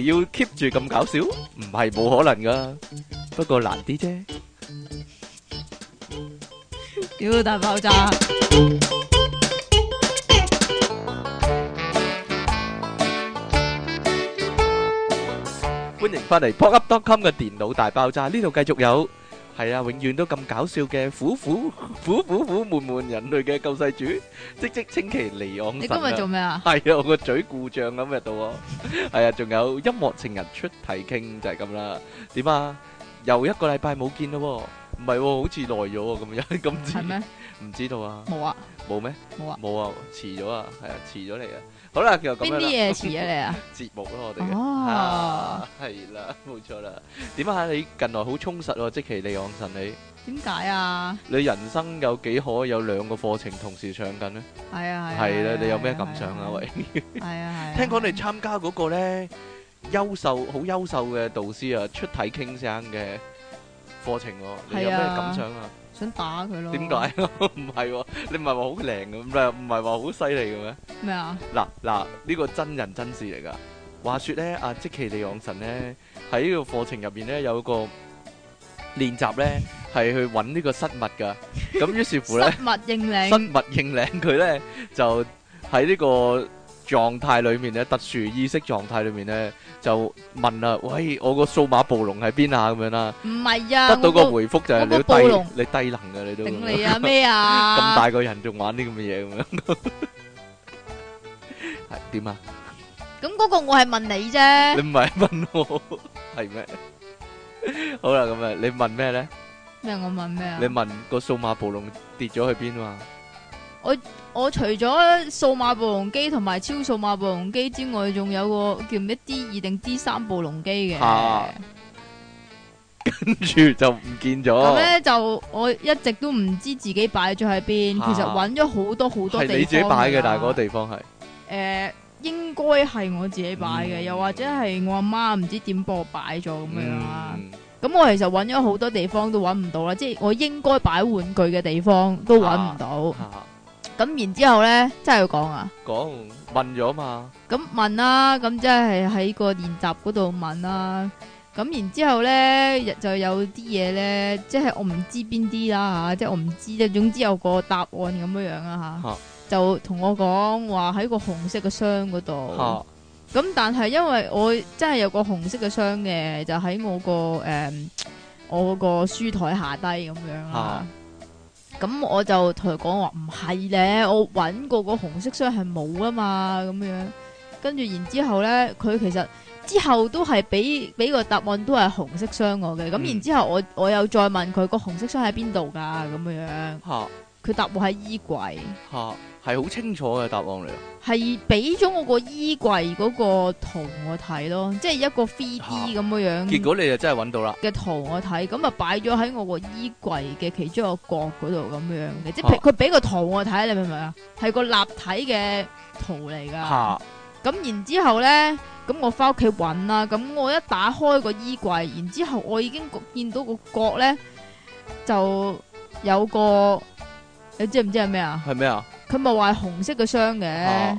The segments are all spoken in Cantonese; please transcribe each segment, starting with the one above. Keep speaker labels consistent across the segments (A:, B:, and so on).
A: 要 keep 住咁搞笑，唔係冇可能噶，不過難啲啫。
B: 屌大爆炸！
A: 歡迎翻嚟 popup.com 嘅電腦大爆炸，呢度繼續有。係啊， 永遠都咁搞笑嘅，苦苦苦苦苦悶悶，人類嘅救世主，即即積淇離岸神啊。你今日做咩啊？係啊，我個嘴故障咁入度。係啊，仲有音樂情人出體 king 就係咁啦。點啊？又一個禮拜冇見咯，唔係、啊，好似耐咗喎咁樣。咁似係咩？唔嗎 知道啊。冇啊。冇咩嗎？冇啊。冇啊， 遲咗啊。係 啊，遲咗嚟啊。好啦，其實咁樣啦，邊啲嘢刺激你啊？節目咯，我哋嘅哦，係啦，冇錯啦。點解你近來好充實？積淇離岸神，你
B: 點解啊？
A: 你人生有幾可有兩個課程同時上緊咧？係啊，係啦，你有咩感想啊？喂，係啊，係。聽講你參加嗰個咧，優秀好優秀嘅導師啊，出體 King 嘅課程，你有咩感想啊？想打佢咯？點解什？唔係喎，你唔係話好靚嘅，唔係唔係話好犀利嘅咩？咩啊？嗱嗱，呢、呢個真人真事嚟噶。話説咧，阿、啊、積淇離岸神咧，喺呢個課程入邊咧，有個練習咧，係去揾呢個失物噶。咁 於是乎咧，失
B: 物認領，失
A: 物認領佢咧就喺呢、呢個。狀態裡面咧，特殊意識狀態裡面咧，就問啊：喂，我個數碼暴龍喺邊啊？咁樣啦，
B: 唔係啊，得到個回覆
A: 就係你低，你低能嘅你都定你啊咩啊？咁大個人仲玩啲咁嘅嘢咁樣，係點啊？
B: 咁嗰個我係問你啫，你
A: 唔係問我係咩？好啦，咁啊，你問咩咧？
B: 咩？我問咩啊？你
A: 問個數碼暴龍跌咗去邊啊？
B: 我。我除咗數碼暴龍機同埋超數碼暴龍機之外，仲有個叫咩 D2 定 D3 暴龍機嘅，跟
A: 住就唔見咗。咁咧
B: 就我一直都唔知自己擺咗喺邊。啊、其實揾咗好多好多地方。你自己擺嘅，但係嗰個地方係誒、呃，應該係我自己擺嘅，嗯、又或者係我阿媽唔知點幫我擺咗咁樣
A: 啦。
B: 咁、嗯、我其實揾咗好多地方都揾唔到啦，即係我應該擺玩具嘅地方都揾唔到。啊啊咁然之後咧，真係要講啊？
A: 講問咗嘛？
B: 咁、嗯、問啦、啊，咁即係喺個練習嗰度問啦、啊。咁然之後咧，就有啲嘢咧，即係我唔知邊啲啦吓，即係我唔知啫。總之有個答案咁樣樣啊吓，啊就同我講話喺個紅色嘅箱嗰度。咁、啊、但係因為我真係有個紅色嘅箱，嘅就喺我個誒、呃，我嗰個書台下低咁樣啦。啊咁我就同佢講話唔係咧，我揾過個紅色箱係冇啊嘛，咁樣。跟住然之後咧，佢其實之後都係俾俾個答案都係紅色箱我嘅。咁、嗯、然之後我我又再問佢個紅色箱喺邊度噶，咁樣。佢答案喺衣櫃、
A: 啊，吓係好清楚嘅答案嚟啊！
B: 係俾咗我個衣櫃嗰個圖我睇咯，即係一個 3D 咁、啊、咁樣樣。結果
A: 你就真係揾到啦。
B: 嘅圖我睇，咁啊擺咗喺我個衣櫃嘅其中一個角嗰度咁樣嘅，即係佢俾個圖我睇，你明唔明啊？係個立體嘅圖嚟噶，吓咁、啊、然之後咧，咁我翻屋企揾啦，咁我一打開個衣櫃，然之後我已經見到個角咧就有個。你知唔知係咩啊？係咩啊？佢咪話紅色嘅箱嘅，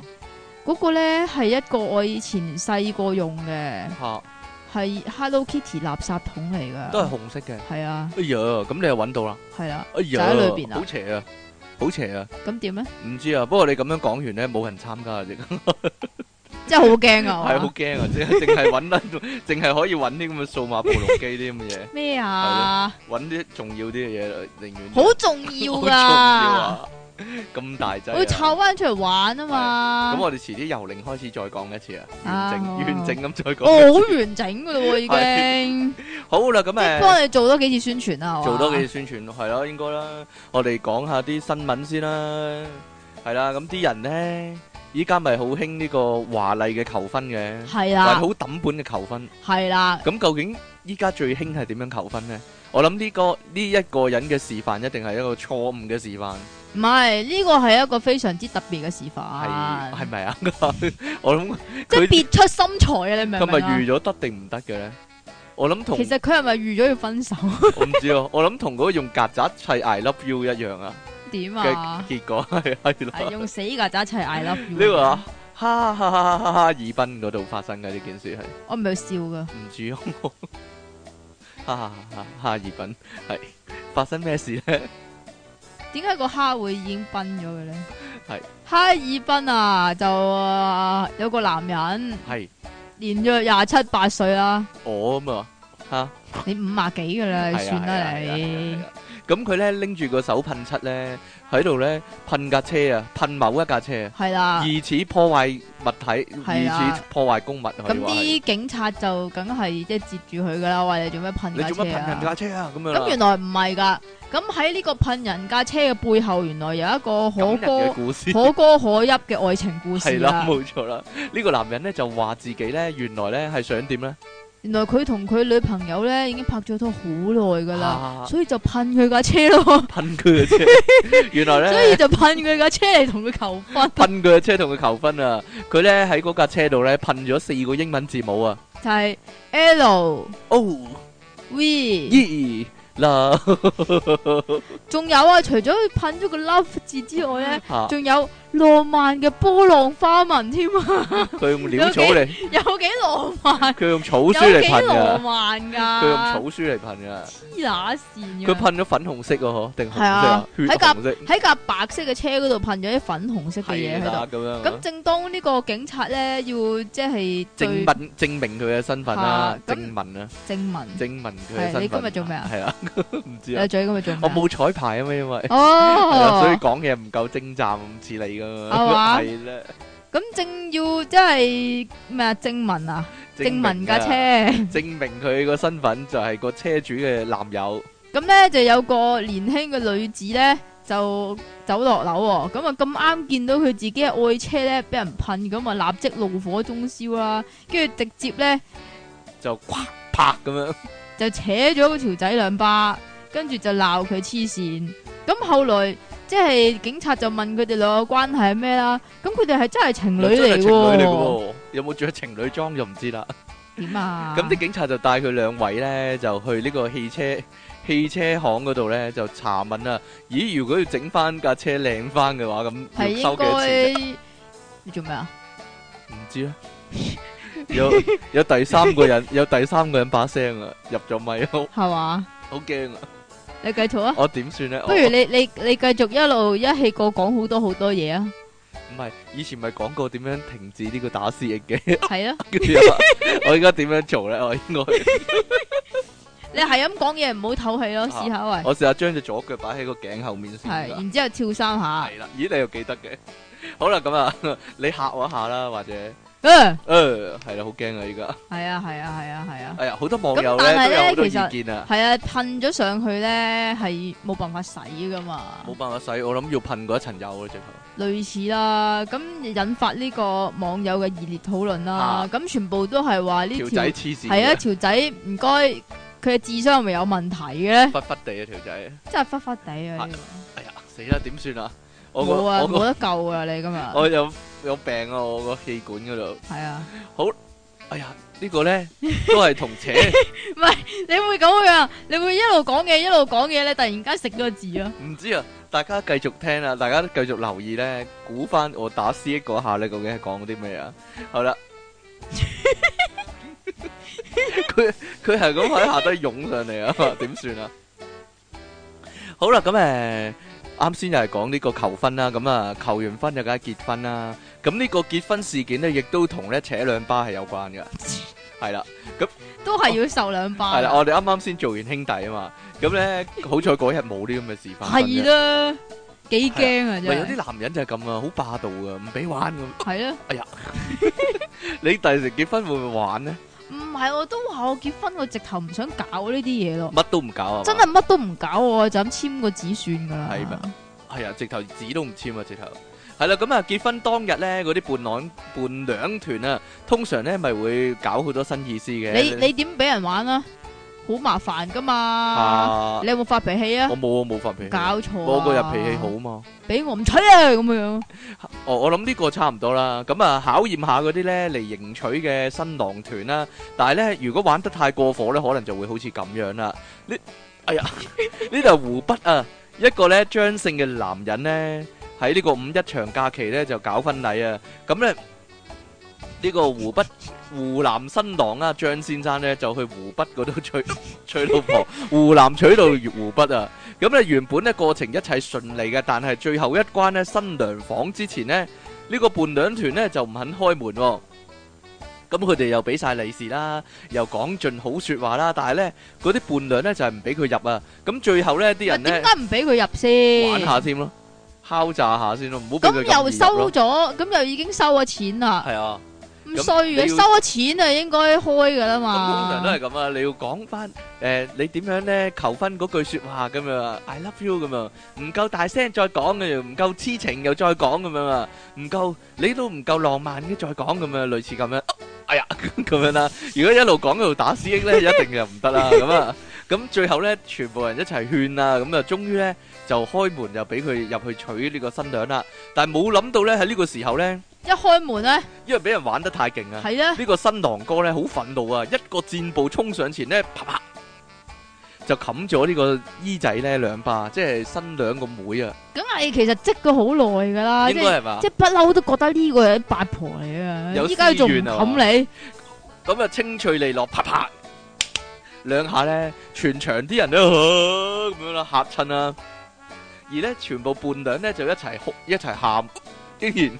B: 嗰個咧係一個我以前細個用嘅，吓、啊？係 Hello Kitty 垃圾桶嚟噶，都係紅色嘅，係啊。
A: 哎呀，咁你又揾到啦？係啊，喺裏邊啊，哎、呀好邪啊，好邪啊。咁點咧？唔知啊，不過你咁樣講完咧，冇人參加啊。
B: 真係好驚啊！係
A: 好驚啊！即係淨係搵得，淨係可以搵啲咁嘅數碼暴龍機啲咁嘅嘢。咩啊？搵啲重要啲嘅嘢，寧願好重要噶。咁大劑，會拆
B: 翻出嚟玩啊嘛！咁我
A: 哋遲啲由零開始再講一次啊，完整完整咁再講。我好完
B: 整噶啦，已經
A: 好啦，咁誒，幫你
B: 做多幾次宣傳啊！做多幾次
A: 宣傳係啦，應該啦。我哋講下啲新聞先啦，係啦，咁啲人咧。依家咪好興呢個華麗嘅求婚嘅，同埋好抌本嘅求婚。係啦，啊。咁究竟依家最興係點樣求婚呢？我諗呢、呢個呢一、呢個人嘅示範一定係一個錯誤嘅示範。
B: 唔係，呢個係一個非常之特別嘅示範。係係
A: 咪啊？我諗即係別出心裁啊！你明唔明啊？咁咪預咗得定唔得嘅咧？我諗同其實
B: 佢係咪預咗要分手？
A: 我唔知啊！我諗同嗰個用曱甴砌 I Love You 一樣啊！
B: 點啊？結
A: 果係係用
B: 死曱甴一齊嗌 I love you。呢
A: 個哈哈哈哈哈爾濱嗰度發生嘅呢件事係，我唔係笑噶，唔住我哈哈哈哈爾濱係發生咩事咧？
B: 點解個哈會已經崩咗嘅咧？係哈爾濱啊，就有個男人係年約廿七八歲啦。
A: 我嘛
B: 吓你五啊幾噶啦，算啦你。
A: 咁佢咧拎住個手噴漆咧，喺度咧噴架車啊，噴某一架車，係啦、啊，疑似破壞物體，啊、疑似破壞公物。咁啲
B: 警察就梗係即係截住佢噶啦，話你做咩噴架車啊？你做咩噴噴架
A: 車啊？咁樣咁、啊、原來
B: 唔係噶，咁喺呢個噴人架車嘅背後，原來有一個可歌可， 可歌可泣嘅愛情故事、啊 啊、係啦。冇
A: 錯啦，呢個男人咧就話自己咧，原來咧係想點咧？
B: 原來佢同佢女朋友咧已經拍咗拖好耐噶啦，啊、所以就噴佢架車咯。
A: 噴佢架車， 原來咧呢，所以
B: 就噴佢架車嚟同佢求婚。
A: 噴佢架車同佢求婚啊！佢咧喺嗰架車度咧噴咗四個英文字母啊，
B: 就係是 L O V E
A: love。
B: 仲有啊，除咗噴咗個 love 字之外咧，仲、啊、有。浪漫嘅波浪花紋添
A: 啊！佢用鳥草嚟，
B: 有幾浪
A: 漫？佢用草書嚟噴噶，有幾浪漫噶？佢用草書嚟噴噶，黐乸
B: 線嘅。佢
A: 噴咗粉紅色哦，定？係啊，喺架喺
B: 架白色嘅車嗰度噴咗啲粉紅色嘅嘢喺度。咁樣。咁正當呢個警察咧要即係證明
A: 證明佢嘅身份啦，證明啦，證明證明佢係你今日做咩啊？係啊，唔知啊。你最近今日做咩？我冇彩排啊嘛，因為哦，所以講嘢唔夠精湛，唔似你嘅。係嘛？係啦，
B: 咁正要即係咩啊？證文啊，證文架車，
A: 證明佢個身份就係個車主嘅男友。
B: 咁咧就有個年輕嘅女子咧就走落樓，咁啊咁啱見到佢自己嘅愛車咧俾人噴，咁啊立即怒火中燒啦，跟住直接咧
A: 就啪拍咁樣，
B: 就扯咗條仔兩巴，跟住就鬧佢黐線。咁後來。即係警察就問佢哋兩個關係係咩啦，咁佢哋係真係情侶嚟嘅，
A: 有冇着情侶裝就唔知啦。
B: 點啊？咁
A: 啲警察就帶佢兩位咧，就去呢個汽車汽車行嗰度咧，就查問啊。咦？如果要整翻架車靚翻嘅話，咁係收幾多錢？應該你做咩啊？唔知咧。有有第三個人，有第三個人把聲啊，入咗咪好係嘛？好驚啊！
B: 你繼續啊！我點算咧？不如你我你你繼續一路一氣過講好多好多嘢啊！
A: 唔係以前咪講過點樣停止呢個打字型嘅？係 啊， 我而家點樣做咧？我應該
B: 你係咁講嘢，唔好透氣咯，試下喂。試試試我
A: 試下將隻左腳擺喺個頸後面先
B: 啦。係，然之後跳三下。係啦，
A: 啊，咦？你又記得嘅？ 好啦，咁啊， 你嚇我一下啦，或者。誒誒，係啦，好驚啊！依家
B: 係啊，係啊，係啊，係
A: 啊，係啊，好多網友咧有好多意見啊！係
B: 啊，噴咗上去咧係冇辦法洗噶嘛，冇
A: 辦法洗，我諗要噴過一層油啊。最後，
B: 類似啦。咁引發呢個網友嘅熱烈討論啦。咁全部都係話呢條仔係啊，條仔唔該，佢嘅智商係咪有問題嘅？
A: 忽忽地啊，條仔
B: 真係忽忽地啊！
A: 哎呀，死啦，點算啊？我冇啊，我冇得
B: 救啊！你今日我
A: 又。有病啊！我個氣管嗰度係啊，好，哎呀，呢個咧都係同情。
B: 唔係，你會咁樣？你會一路講嘢，一路講嘢咧，突然間食咗字啊？唔
A: 知啊，大家繼續聽啦，大家都繼續留意咧，估翻我打 C E 嗰下你，究竟係講啲咩啊？好啦，佢佢係咁喺下低湧上嚟，啊？點算啊？好啦，咁誒。啱先又係講呢個求婚啦，咁啊求完婚就梗係結婚啦。咁呢個結婚事件咧，亦都同咧扯兩巴係有關噶，係啦。咁
B: 都係要受兩巴。係啦，我
A: 哋啱啱先做完兄弟啊嘛。咁咧好彩嗰日冇啲咁嘅事發生。係
B: 啦，幾驚啊！真係有啲男
A: 人就係咁啊，好霸道噶，唔俾玩咁。係啦。哎呀，你第時結婚會唔會玩咧？
B: 唔係，我都話我結婚，我直頭唔想搞呢啲嘢咯。乜
A: 都唔搞啊！真係
B: 乜都唔搞，我就咁簽個紙算噶啦。係
A: 嘛，係、哎、啊，直頭紙都唔簽啊，直、哎、頭。係啦，咁啊，結婚當日咧，嗰啲伴郎伴娘團啊，通常咧咪會搞好多新意思嘅。你你
B: 點俾人玩啊？ 好麻煩噶嘛，啊、你有冇發脾氣啊？我
A: 冇啊，冇發、啊、脾氣。搞錯，我個日脾氣好啊嘛。
B: 俾我唔使啊，咁樣。
A: 哦，我諗呢個差唔多啦。咁啊，考驗下嗰啲呢嚟，迎娶嘅新郎團啦。但係呢，如果玩得太過火呢，可能就會好似咁樣啦。呢，哎呀，呢度 湖北啊， 一個呢張姓嘅男人呢，喺呢個五一長假期呢，就搞婚禮啊。咁呢，呢、這個湖北。湖南新郎啊，張先生呢就去湖北嗰度娶娶老婆。湖南娶到湖北啊，咁呢原本呢過程一切順利嘅，但係最後一關呢，新娘房之前呢，呢個伴娘團呢就唔肯開門。咁佢哋又俾晒利是啦，又講盡好說話啦，但係呢嗰啲伴娘呢就係唔俾佢入啊。咁最後呢啲人呢點解唔俾
B: 佢入先？玩
A: 下添咯，敲詐下先咯，唔好咁又收咗，
B: 咁又已經收咗錢啦。
A: 係啊。唔需要，收咗
B: 錢啊，應該開噶啦嘛。咁通常都
A: 係咁啊，你要講翻誒，你點、呃、樣咧求婚嗰句說話咁啊？I love you 咁啊，唔夠大聲再講嘅，又唔夠痴情又再講咁樣啊，唔夠你都唔夠浪漫嘅再講咁樣，類似咁樣，啊。哎呀，咁樣啦，如果一路講一路打私 E 咧，一， 一定就唔得啦。咁啊， 咁最後咧，全部人一齊勸啊，咁啊，終於咧。就開門就俾佢入去娶呢個新娘啦，但係冇諗到咧，喺呢個時候咧，
B: 一開門咧，
A: 因為俾人玩得太勁啊！係咧，呢個新郎哥咧好憤怒啊，一個箭步衝上前咧，啪啪就冚咗呢個姨仔咧兩巴，即係新娘個妹啊！
B: 咁係其實積咗好耐噶啦，應該係嘛？即係不嬲都覺得呢個係八婆嚟啊！
A: 有私怨啊！而家仲冚你，咁啊，清脆利落啪啪兩下咧，全場啲人都咁樣啦，吓親啦！而咧，全部伴娘咧就一齊哭一齊喊，竟然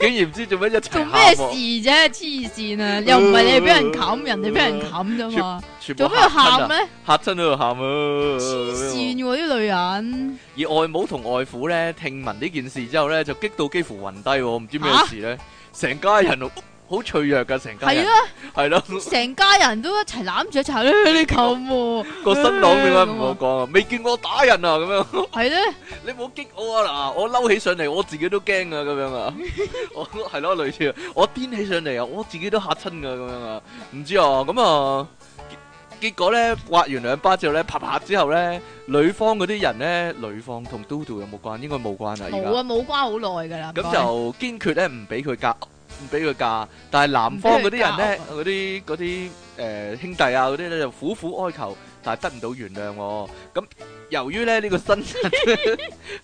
A: 竟然唔知做咩一做咩、啊、事
B: 啫、啊？黐線啊！又唔係你俾人冚， 人哋俾人冚咋嘛？
A: 做咩喊咧？吓親喺度喊啊！黐線
B: 喎啲女人。
A: 而外母同外父咧，聽聞呢件事之後咧，就激到幾乎暈低，唔知咩事咧，成、啊、家人。好脆弱噶成家啊，係咯，成
B: 家人都一齊攬住一齊咧咁喎。個新郎點解唔
A: 好講啊？未見過打人啊，咁樣
B: 係咧。你唔
A: 好激我啊！嗱，我嬲起上嚟，我自己都驚噶咁樣啊。我係咯，類似我癲起上嚟啊，我自己都吓親噶咁樣啊。唔知啊，咁啊，結果咧摑完兩巴之後咧，啪啪之後咧，女方嗰啲人咧，女方同 do do 有冇關？應該冇關啊，而家冇啊，
B: 冇關好耐噶啦。咁就
A: 堅決咧，唔俾佢夾。唔俾佢嫁，但係男方嗰啲人咧，嗰啲嗰啲誒兄弟啊嗰啲咧就苦苦哀求，但係得唔到原諒喎。咁由於咧呢個新人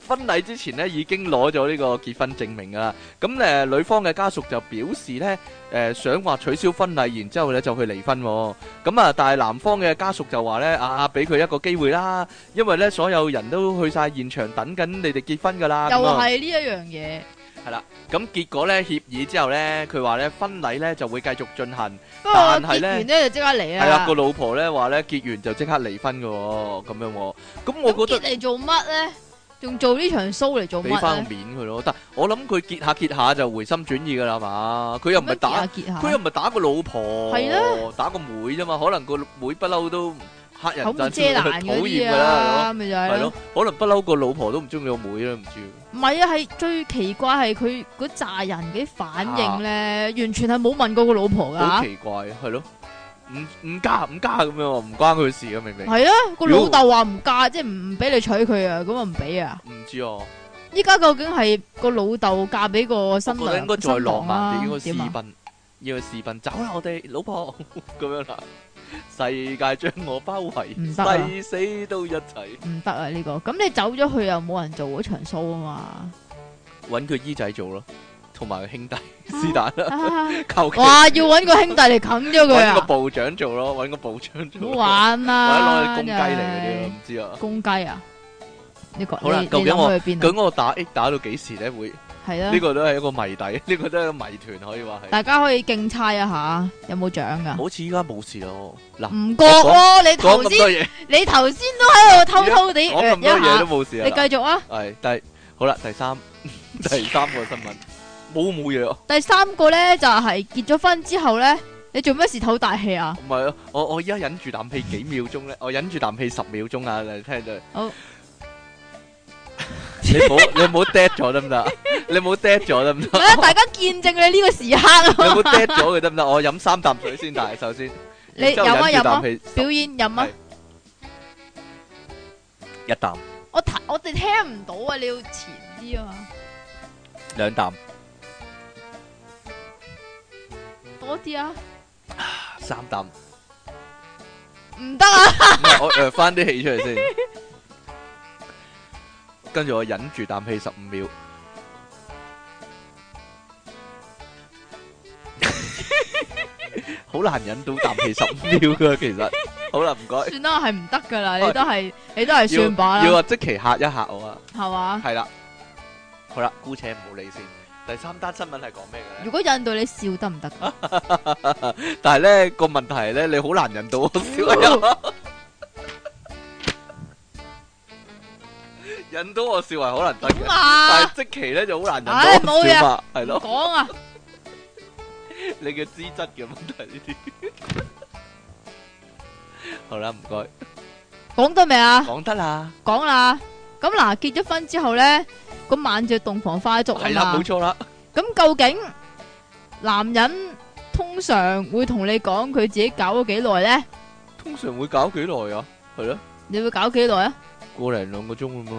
A: 婚禮之前咧已經攞咗呢個結婚證明㗎喇，咁誒女方嘅家屬就表示咧誒想話取消婚禮，然之後咧就去離婚。咁啊，但係男方嘅家屬就話咧啊，俾佢一個機會啦，因為咧所有人都去曬現場等緊你哋結婚噶啦。又係
B: 呢一樣嘢。
A: 係啦，咁結果咧協議之後咧，佢話咧婚禮咧就會繼續進行，但係咧結完咧
B: 就即刻離啦。係啦，個
A: 老婆咧話咧結完就即刻離婚嘅，咁樣。
B: 咁我覺得結嚟做乜咧？仲做呢場 show 嚟做咩？俾翻個
A: 面佢咯。但係我諗佢結下結下就回心轉意噶啦，係嘛？佢又唔係打，佢又唔係打個老婆，係啦，打個妹啫嘛。可能個妹不嬲都嚇人憎，好厭噶啦，係咯，係咯。可能不嬲個老婆都唔中意個妹啦，唔知。
B: 唔係啊，係最奇怪係佢嗰扎人嘅反應咧，啊、完全係冇問過個老婆噶、啊。好奇
A: 怪，係咯，唔唔嫁唔嫁咁樣，唔關佢事啊。明明係、那個、果啊，個老豆話
B: 唔嫁，即係唔唔俾你娶佢啊，咁啊唔俾啊。唔知啊，依家究竟係個老豆嫁俾個新娘？我覺得應該再浪漫啲、啊、個私
A: 奔，啊、要私奔走啦，我哋老婆咁 樣啦。世界將我包圍，誓死都一齊。唔得
B: 啊！呢個咁你走咗去又冇人做嗰場 show 啊嘛，
A: 揾個姨仔做咯，同埋個兄弟是但啦求其。哇！要揾個兄弟嚟冚咗佢啊！揾個部長做咯，揾個部長做。好
B: 玩啊！攞公雞嚟嗰啲，唔知啊。公雞啊，呢個好啦。究
A: 竟我打打到幾時咧會？係啦，呢個都係一個謎底，呢個都係個謎團，可以話係。大
B: 家可以競猜一下，有冇獎噶？好
A: 似依家冇事咯，嗱，唔覺，你頭先
B: 你頭先都喺度偷偷地，我咁多嘢都冇事啊，你繼續啊。
A: 係，但係好啦，第三第三個新聞冇冇嘢
B: 啊？第三個咧就係結咗婚之後咧，你做咩事唞大氣啊？
A: 唔係啊，我我依家忍住啖氣幾秒鐘咧，我忍住啖氣十秒鐘啊，你聽到？好。你冇你冇 dead 咗得唔得？你冇 dead 咗得唔得？唔係啊，
B: 大家見證你呢個時刻啊！你冇 dead 咗佢
A: 得唔得？我飲三啖水先，但係首先你有啊有啊，表演飲啊，一啖。
B: 我睇我哋聽唔到啊！你要前啲啊嘛！
A: 兩啖多啲啊！三啖唔得啊！唔係我誒，翻啲氣出嚟先。跟住我忍住啖氣十五秒，好難忍到啖氣十五秒噶。其實好啦，唔該。算
B: 啦，係唔得噶啦，你都係你都係算罷啦。要話
A: 即期吓一吓我啊，係嘛？係啦，好啦，姑且唔好理先。第三單新聞係講咩嘅咧？如果
B: 引到你笑
A: 得唔得，但係咧個問題咧，你好難忍到笑。引到我笑係可能真嘅，但係即期咧就好難忍到。哎，冇嘢，係咯。講啊！你嘅資質嘅問題呢啲。好啦，唔該。
B: 講得未啊？講得啦。講啦。咁嗱，結咗婚之後咧，咁晚嗰洞房花燭係啦，冇錯啦。咁究竟男人通常會同你講佢自己搞咗幾耐咧？
A: 通常會搞幾耐啊？係咯。你
B: 會搞幾耐啊？
A: 個零兩個鐘咁咯。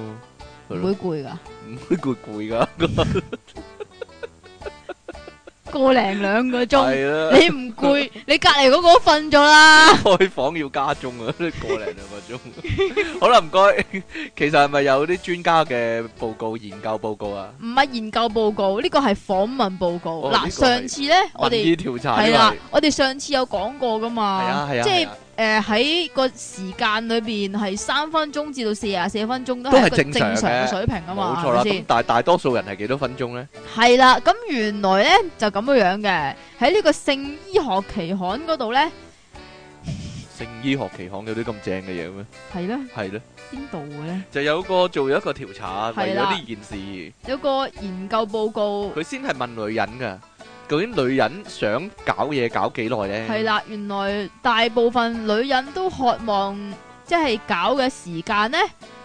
A: 唔會攰噶，唔會攰攰噶，
B: 個零兩
A: 個鐘，你唔
B: 攰，你隔籬嗰個都瞓咗啦。
A: 開房要加鐘啊，都個零兩個鐘。好啦，唔該。其實係咪有啲專家嘅報告、研究報告啊？
B: 唔係研究報告，呢個係訪問報告。嗱，上次咧，我哋調查係啦，我哋上次有講過噶嘛？即誒，喺個時間裏邊係三分鐘至到四啊四分鐘都係一個正常嘅水平啊嘛，冇錯啦。咁但
A: 係大多數人係幾多分鐘咧？
B: 係啦，咁原來咧就咁樣樣嘅，喺呢個性醫學期刊嗰度咧，
A: 性醫學期刊有啲咁正嘅嘢咩？係咧，係咧，
B: 邊度嘅咧？
A: 就有個做咗一個調查，為咗呢件事，
B: 有個研究報告，佢
A: 先係問女人噶。究竟女人想搞嘢搞幾耐呢？係
B: 啦、嗯，原來大部分女人都渴望，即、就、係、是、搞嘅時間呢，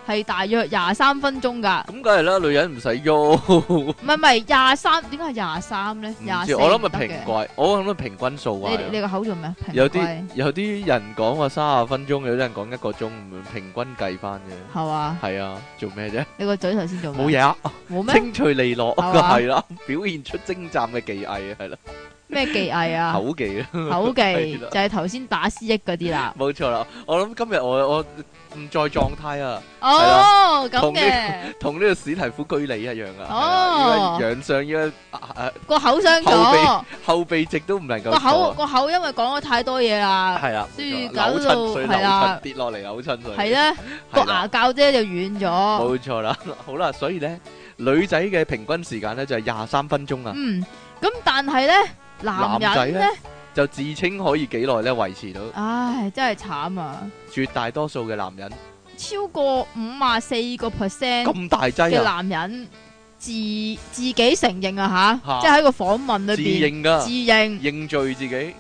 B: 係大約廿三分鐘噶，咁
A: 梗係啦，女人唔使喐。唔係
B: 唔係廿三，點解係廿三咧？唔，我諗咪平
A: 均，我諗咪平均數啊！你你個
B: 口做咩？有啲
A: 有啲人講話卅分鐘，有啲人講一個鐘，平均計翻嘅。係啊，係啊，做咩啫？
B: 你個嘴頭先做咩？冇嘢，
A: 冇咩？清脆利落，係啦，表現出精湛嘅技藝，係啦。咩技藝啊？口技啦，口技就係
B: 頭先打 C E 嗰啲啦。
A: 冇錯啦，我諗今日我我唔再狀態啊。哦，咁嘅，同呢個史提夫居里一樣啊。哦，個口傷咗，後鼻直都唔能夠。個口個
B: 口因為講咗太多嘢啦。係啦，所以搞到係啦，
A: 跌落嚟啊，好親水。係啦，
B: 個牙教啫就軟咗。冇
A: 錯啦，好啦，所以咧，女仔嘅平均時間咧就係廿三分鐘啊。
B: 嗯，咁但係咧。男人咧
A: 就自稱可以幾耐咧維持到？
B: 唉、哎，真係慘啊！
A: 絕大多數嘅男人
B: 超過五十四個 percent 咁大劑嘅、啊、男人自自己承認啊吓，即係喺個訪問裏邊自認噶、啊，自認
A: 認罪自己，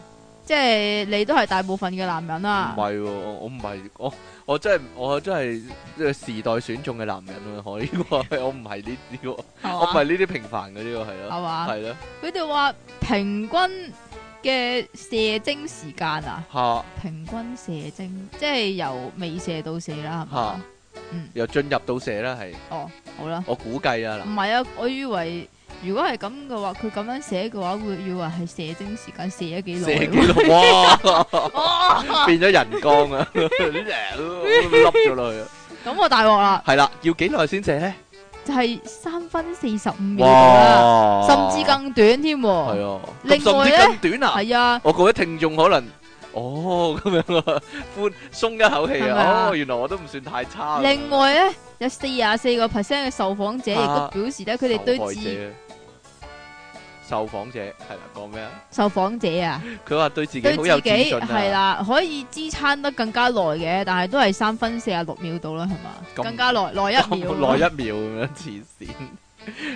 B: 即係你都係大部分嘅男人啊。
A: 唔係、啊，我唔係我。我真係我真係即係時代選中嘅男人喎，可呢個我唔係呢啲，我唔係呢啲平凡嘅呢個係咯，係咯吧。
B: 佢哋話平均嘅射精時間啊，哈平均射精即係由未射到射啦，係嘛？哈嗯，
A: 由進入到射啦，係。哦，好啦，我估計啊，唔係
B: 啊，我以為。如果係咁嘅話，佢咁樣寫嘅話，會以為係射精時間射咗幾耐？哇！
A: 變咗人工啊！笠咗落
B: 去啊！咁我大鑊啦！
A: 係啦，要幾耐先射咧？
B: 就係三分四十五秒啦，甚至更短添。係啊！
A: 甚至更短啊！係啊！我覺得聽眾可能哦，咁樣寬鬆一口氣啊！哦，原來我都唔算太差。另
B: 外咧，有四廿四個 percent 嘅受訪者亦都表示咧，佢哋對字。
A: 受訪者係啦，講咩啊？
B: 受訪者啊，
A: 佢話對自己好有自信係啦，
B: 可以支撐得更加耐嘅，但係都係三分四十六秒到啦，係嘛？更加耐，耐一秒，耐一
A: 秒咁樣，黐線！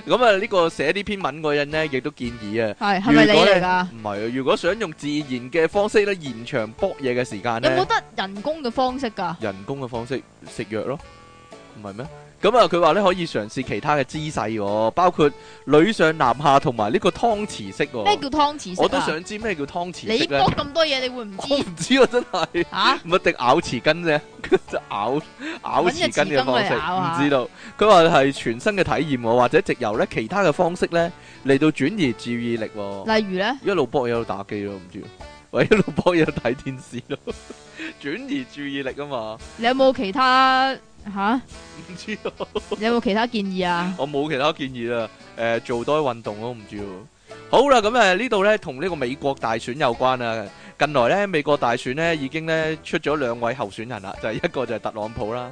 A: 咁啊，呢個寫呢篇文嗰人咧，亦都建議啊，係係咪你嚟噶？唔係啊，如果想用自然嘅方式咧，延長搏嘢嘅時間咧，有冇得
B: 人工嘅方式噶？
A: 人工嘅方式食藥咯，唔係咩？咁啊，佢話咧可以嘗試其他嘅姿勢，哦，包括女上男下同埋呢個湯匙式，哦。咩叫湯匙式？啊、我都想知咩叫湯匙式。你講咁
B: 多嘢，你會唔知？我唔
A: 知啊，真係。吓？唔一定咬匙羹啫，就 咬咬匙羹嘅方式，唔知道。佢話係全新嘅體驗，哦，或者直由咧其他嘅方式咧嚟到轉移注意力、哦。例如咧？一路搏嘢，一路打機咯，唔知。喂，一路搏嘢，睇電視咯，轉 移注意力啊嘛。
B: 你有冇其他？吓，唔知道，你有冇其他建議啊？
A: 我冇其他建議啦，誒，做多啲運動都唔知。好啦，咁誒呢度咧同呢個美國大選有關啊。近來咧美國大選咧已經咧出咗兩位候選人啦，就係一個就係特朗普啦，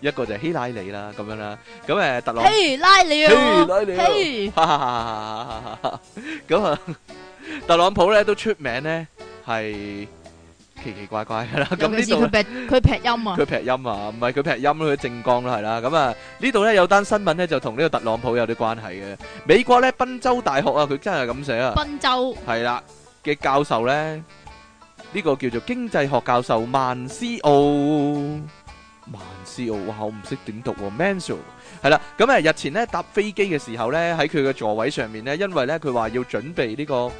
A: 一個就係希拉里啦，咁樣啦。咁誒，特朗普，希拉里，希拉里，咁啊，特朗普咧都出名咧係。奇奇怪怪啦，咁呢度佢佢劈音啊，佢劈音啊，唔係佢劈音咯，佢正講咯係啦，咁啊呢度咧有單新聞咧就同呢個特朗普有啲關係嘅，美國咧賓州大學啊，佢真係咁寫啊，賓州係啦嘅教授咧，呢個叫做經濟學教授曼斯奧，曼斯奧哇，我唔識點讀，Manzo 係啦，咁啊日前咧搭飛機嘅時候咧喺佢嘅座位上面咧，因為咧佢話要準備呢個。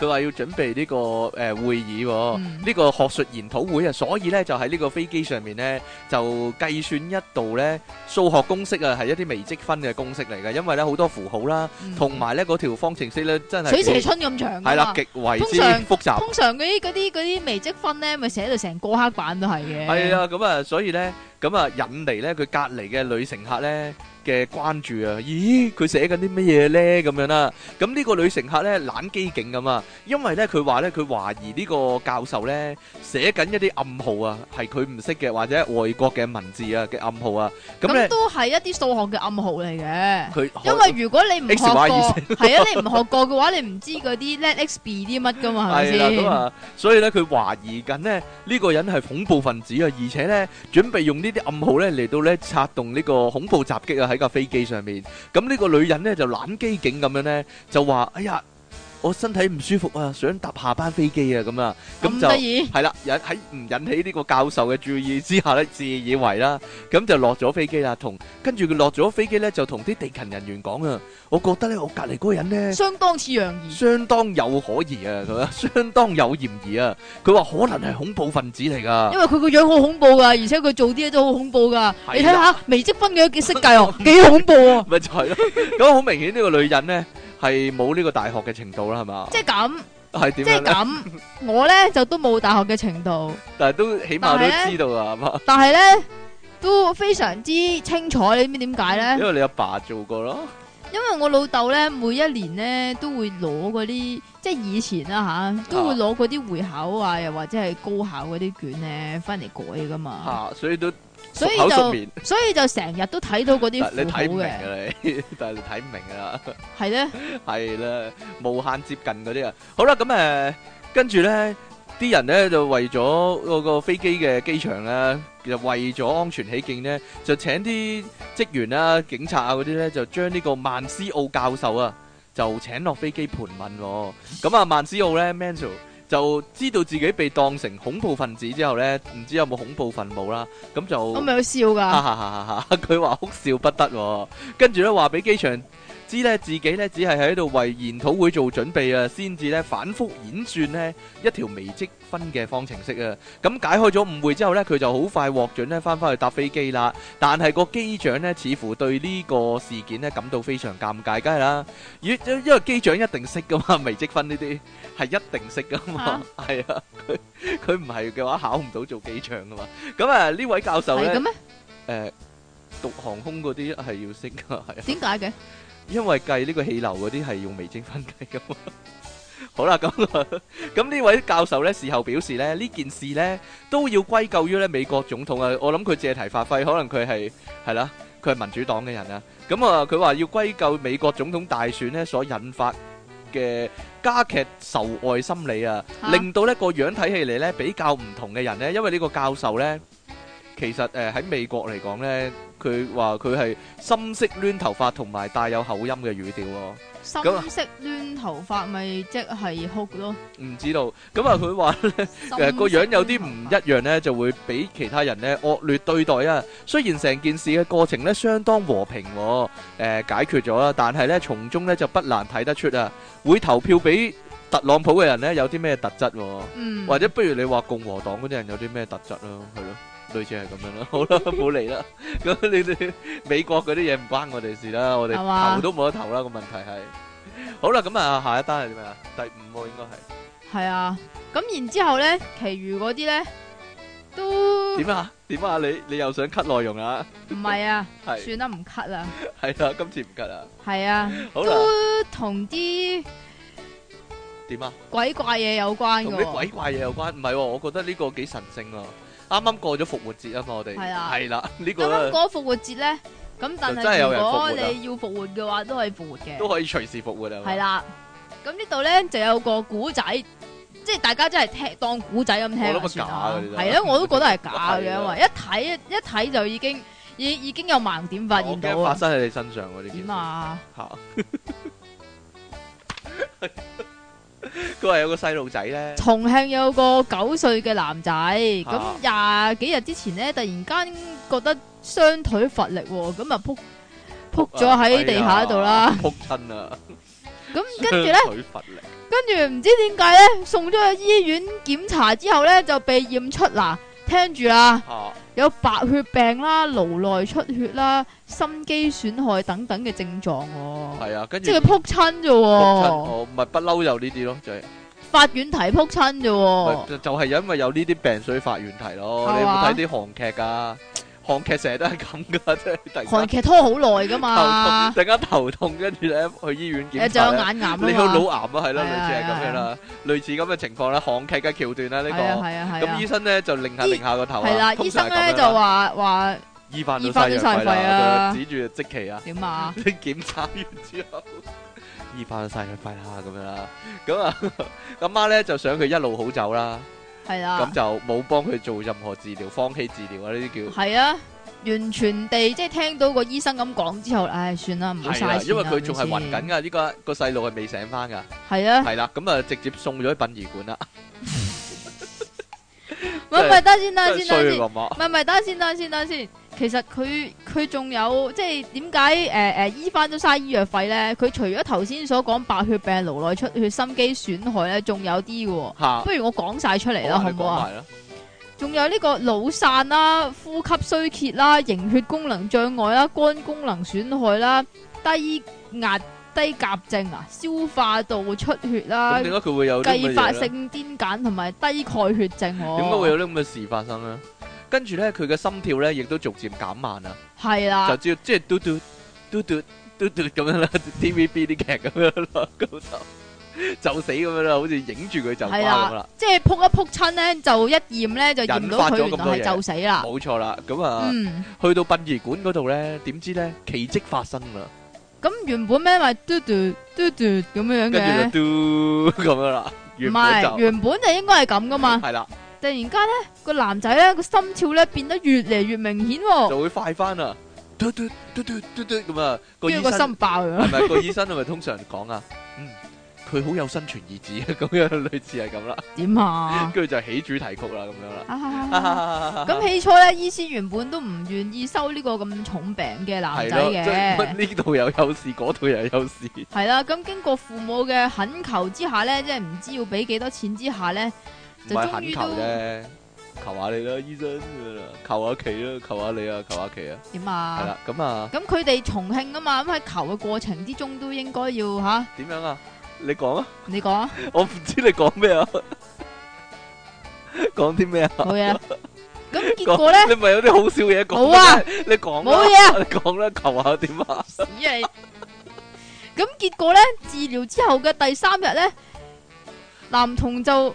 A: 佢話要準備呢個誒會議，呢個學術研討會啊，所以咧就喺呢個飛機上面咧就計算一度咧數學公式啊，係一啲微積分嘅公式嚟嘅，因為咧好多符號啦，同埋咧嗰條方程式咧真係，水蛇春咁長。係啦，極為之複雜。通
B: 常嗰啲嗰啲嗰啲微積分咧，咪寫到成個黑板都係嘅。係啊，
A: 咁啊，所以咧，咁啊引嚟咧，佢隔離嘅女乘客咧嘅關注啊！咦，佢寫緊啲乜嘢咧？咁樣啦，咁呢個女乘客咧懶機警咁啊，因為咧佢話咧佢懷疑呢個教授咧寫緊一啲暗號啊，係佢唔識嘅或者外國嘅文字啊嘅暗號啊。咁咧，咁都
B: 係一啲數學嘅暗號嚟嘅。佢因為如果你唔學過，係啊，你唔學過嘅話，你唔知嗰啲 let x be 啲乜㗎嘛，係咪先？係啦，咁啊，
A: 所以咧佢懷疑緊咧呢個人係恐怖分子啊，而且咧準備用呢啲暗號咧嚟到咧策動呢個恐怖襲擊啊！喺架飛機上面，咁呢個女人咧就懶機警咁樣咧，就話：哎呀！我身體唔舒服啊，想搭下班飛機啊，咁啊，咁就係啦，引喺唔引起呢個教授嘅注意之下咧，自以為啦，咁就落咗飛機啦，同跟住佢落咗飛機咧，就同啲地勤人員講啊，我覺得咧，我隔籬嗰個人咧，相當似楊怡，相當有可疑啊，係咪？相當有嫌疑啊！佢話可能係恐怖分子嚟噶，因為
B: 佢個樣好恐怖噶，而且佢做啲嘢都好恐怖噶，你睇下微積分嘅設計哦，幾
A: 恐怖啊！咪就係咯，咁好明顯呢個女人咧。係冇呢個大學嘅程度啦，係嘛？即係咁，係點咧？即係咁，
B: 我咧就都冇大學嘅程度。
A: 但係都起碼都知道啊，係嘛。 但係咧
B: 都非常之清楚你，你知唔知點解咧？因為
A: 你阿爸，爸做過咯。
B: 因為我老豆咧，每一年咧都會攞嗰啲，即係以前啦吓，都會攞嗰啲會考啊，又或者係高考嗰啲卷咧，翻嚟改噶嘛。吓、
A: 啊，所以都。所以就
B: 所以就成日都睇到嗰啲 你睇唔明啊 你
A: 明呢，但係睇唔明啊，
B: 係咧，
A: 係啦，無限接近嗰啲啊。好啦，咁、嗯、誒，跟住咧，啲人咧就為咗嗰個飛機嘅機場咧，就為咗安全起見咧，就請啲職員啦、啊、警察啊嗰啲咧，就將呢個曼斯奧教授啊，就請落飛機盤問。咁、嗯、啊，曼斯奧咧，咩做？就知道自己被當成恐怖分子之後呢，唔知有冇恐怖憤怒啦。咁就咁咪笑㗎。佢話 哭笑不得，哦。跟住呢話俾機場。知咧自己咧只係喺度為研討會做準備啊，先至咧反覆演算咧一條微積分嘅方程式啊。咁解開咗誤會之後咧，佢就好快獲准咧翻翻去搭飛機啦。但係個機長咧似乎對呢個事件咧感到非常尷尬，梗係啦。因因為機長一定識噶嘛，微積分呢啲係一定識噶嘛，係啊。佢佢唔係嘅話考唔到做機長噶嘛。咁啊呢位教授咧，誒讀航空嗰啲係要識噶，係啊，點解嘅？因為計呢個氣流嗰啲係用微積分計噶嘛。好啦，咁咁呢位教授呢事後表示呢，呢件事呢都要歸咎於呢美國總統啊，我諗佢借題發揮，可能佢係係啦，佢係民主黨嘅人啊，咁啊佢話要歸咎美國總統大選呢所引發嘅加劇仇外心理啊，令到呢個樣睇起嚟呢比較唔同嘅人呢，因為呢個教授呢。其實誒喺美國嚟講咧，佢話佢係深色攣頭髮同埋帶有口音嘅語調喎。深色
B: 攣頭髮咪即係哭咯？唔
A: 知道咁啊！佢話咧，個樣有啲唔一樣咧，就會俾其他人咧惡劣對待啊。雖然成件事嘅過程咧相當和平，誒解決咗啦，但係咧從中咧就不難睇得出啊，會投票俾特朗普嘅人咧有啲咩特質，或者不如你話共和黨嗰啲人有啲咩特質咯？係咯。類似係咁樣咯，好啦，冇嚟啦。咁你哋美國嗰啲嘢唔關我哋事啦，我哋頭都冇得頭啦。個問題係，好啦，咁啊，下一單係點啊？第五哦，應該係。
B: 係啊，咁然之後咧，其餘嗰啲咧都點
A: 啊？點啊？你你又想 cut 內容啊？唔係啊，係算
B: 啦唔 cut 啦。
A: 係啦，今次唔 cut 啦。
B: 係啊，都同啲點啊？鬼怪嘢有關。同啲鬼怪
A: 嘢有關？唔係喎，我覺得呢個幾神聖啊。啱啱過咗復活節啊嘛，我哋係啦，係啦的，呢、呢個啱啱過
B: 復活節咧，咁但係如果你要復活嘅話，都可以復活嘅，都可以
A: 隨時復活啦。係啦，
B: 咁呢度咧就有個古仔，即係大家真係聽當古仔咁聽算啦。係咯，我都覺得係假嘅，因為一睇一睇就已經已已經有盲點發現到啊，哦、發生
A: 喺你身上喎呢件。點啊？嚇！ 佢話有個細路仔咧，重
B: 慶有個九歲嘅男仔，咁廿幾日之前咧，突然間覺得雙腿乏力，咁啊扑扑咗喺地下度啦，扑
A: 親啊！咁跟住咧，雙腿乏力，
B: 跟住唔知點解咧，送咗去醫院檢查之後咧，就被驗出啦，聽住啦。有白血病啦、顱內出血啦、心肌損害等等嘅症狀。哦，
A: 係啊，跟住即係仆
B: 親啫，
A: 哦，唔係不嬲有呢啲咯，就係
B: 法院提仆親啫，
A: 就係、是、因為有呢啲病所以法院提咯，吧你有冇睇啲韓劇噶？韓劇成日都係咁噶，即係。韓劇拖
B: 好耐噶嘛，頭
A: 痛，突然間頭痛，跟住咧去醫院檢查，誒，就有眼癌你有腦癌啊，係啦，類似咁樣啦，類似咁嘅情況啦，韓劇嘅橋段啦，呢個，咁醫生咧就擰下擰下個頭啦，醫生咧就話
B: 話，醫返晒佢肺啊，指住積淇啊，點嘛？你
A: 檢查完之後，醫返晒佢肺啦，咁樣，咁啊，咁媽咧就想佢一路好走啦。
B: 係啦，咁就
A: 冇幫佢做任何治療，放棄治療啊！呢啲叫係
B: 啊，完全地即係聽到個醫生咁講之後，唉，算啦，唔好生。係啊，因為佢仲係暈緊噶，
A: 呢個個細路係未醒翻噶。係啊，係啦，咁啊，直接送咗去殯儀館啦。唔係得先，得先，得先。唔
B: 係得先，得先，得先。其實佢佢仲有即係點解誒誒醫翻都嘥醫藥費咧？佢除咗頭先所講白血病顱內出血心肌損害咧，仲有啲嘅、哦。哈不如我講晒出嚟啦，好唔好啊？仲有呢、這個腦散啦、呼吸衰竭啦、凝血功能障礙啦、肝功能損害啦、低壓低鉀症啊、消化道出血啦，點解佢會有繼發性癲癇同埋低鈣血症、哦？點解會有
A: 呢咁嘅事發生咧？跟住咧，佢嘅心跳咧亦都逐漸減慢啦，係啦，就知即係嘟嘟嘟嘟嘟嘟咁樣啦，TVB 啲劇咁樣啦，咁就就死咁樣啦，好似影住佢就係啦，
B: 即係撲一撲親咧就一驗咧就引發咗咁多嘢，就死啦，冇、
A: 啊、錯啦，咁啊、嗯，去到殯儀館嗰度咧，點知咧奇蹟發生啦，
B: 咁原本咩咪嘟嘟嘟嘟咁樣跟住就
A: 嘟咁樣啦，唔係原
B: 本就應該係咁噶嘛，係、 嗯、啦。突然間咧，個男仔咧個
A: 心跳咧變得越嚟越明顯，就會快翻啊！嘟嘟嘟嘟嘟嘟咁啊，個心爆，係咪？個醫生係咪通常講啊？嗯，佢好有生存意志，咁樣類似係咁啦。點啊？跟住就起主題曲啦，咁樣啦。咁起初咧，醫
B: 生原本都唔願意收呢個咁重病嘅男仔嘅。
A: 呢度又有事，嗰度又有事。
B: 係啦，咁經過父母嘅懇求之下咧，即係唔知要俾幾多錢之下咧。
A: 唔係懇求啫，求下你啦，醫生，求下期啦，求下你啊，求下期啊，點啊？係啦，咁啊，咁
B: 佢哋重慶啊嘛，咁喺求嘅過程之中都應該要吓，
A: 點樣啊？你講啊，你講，我唔知你講咩啊，講啲咩啊？冇嘢。咁結果咧，你咪有啲好笑嘢講啊？你講，冇嘢，講啦，求下點啊？
B: 咁結果咧，治療之後嘅第三日咧，男童就。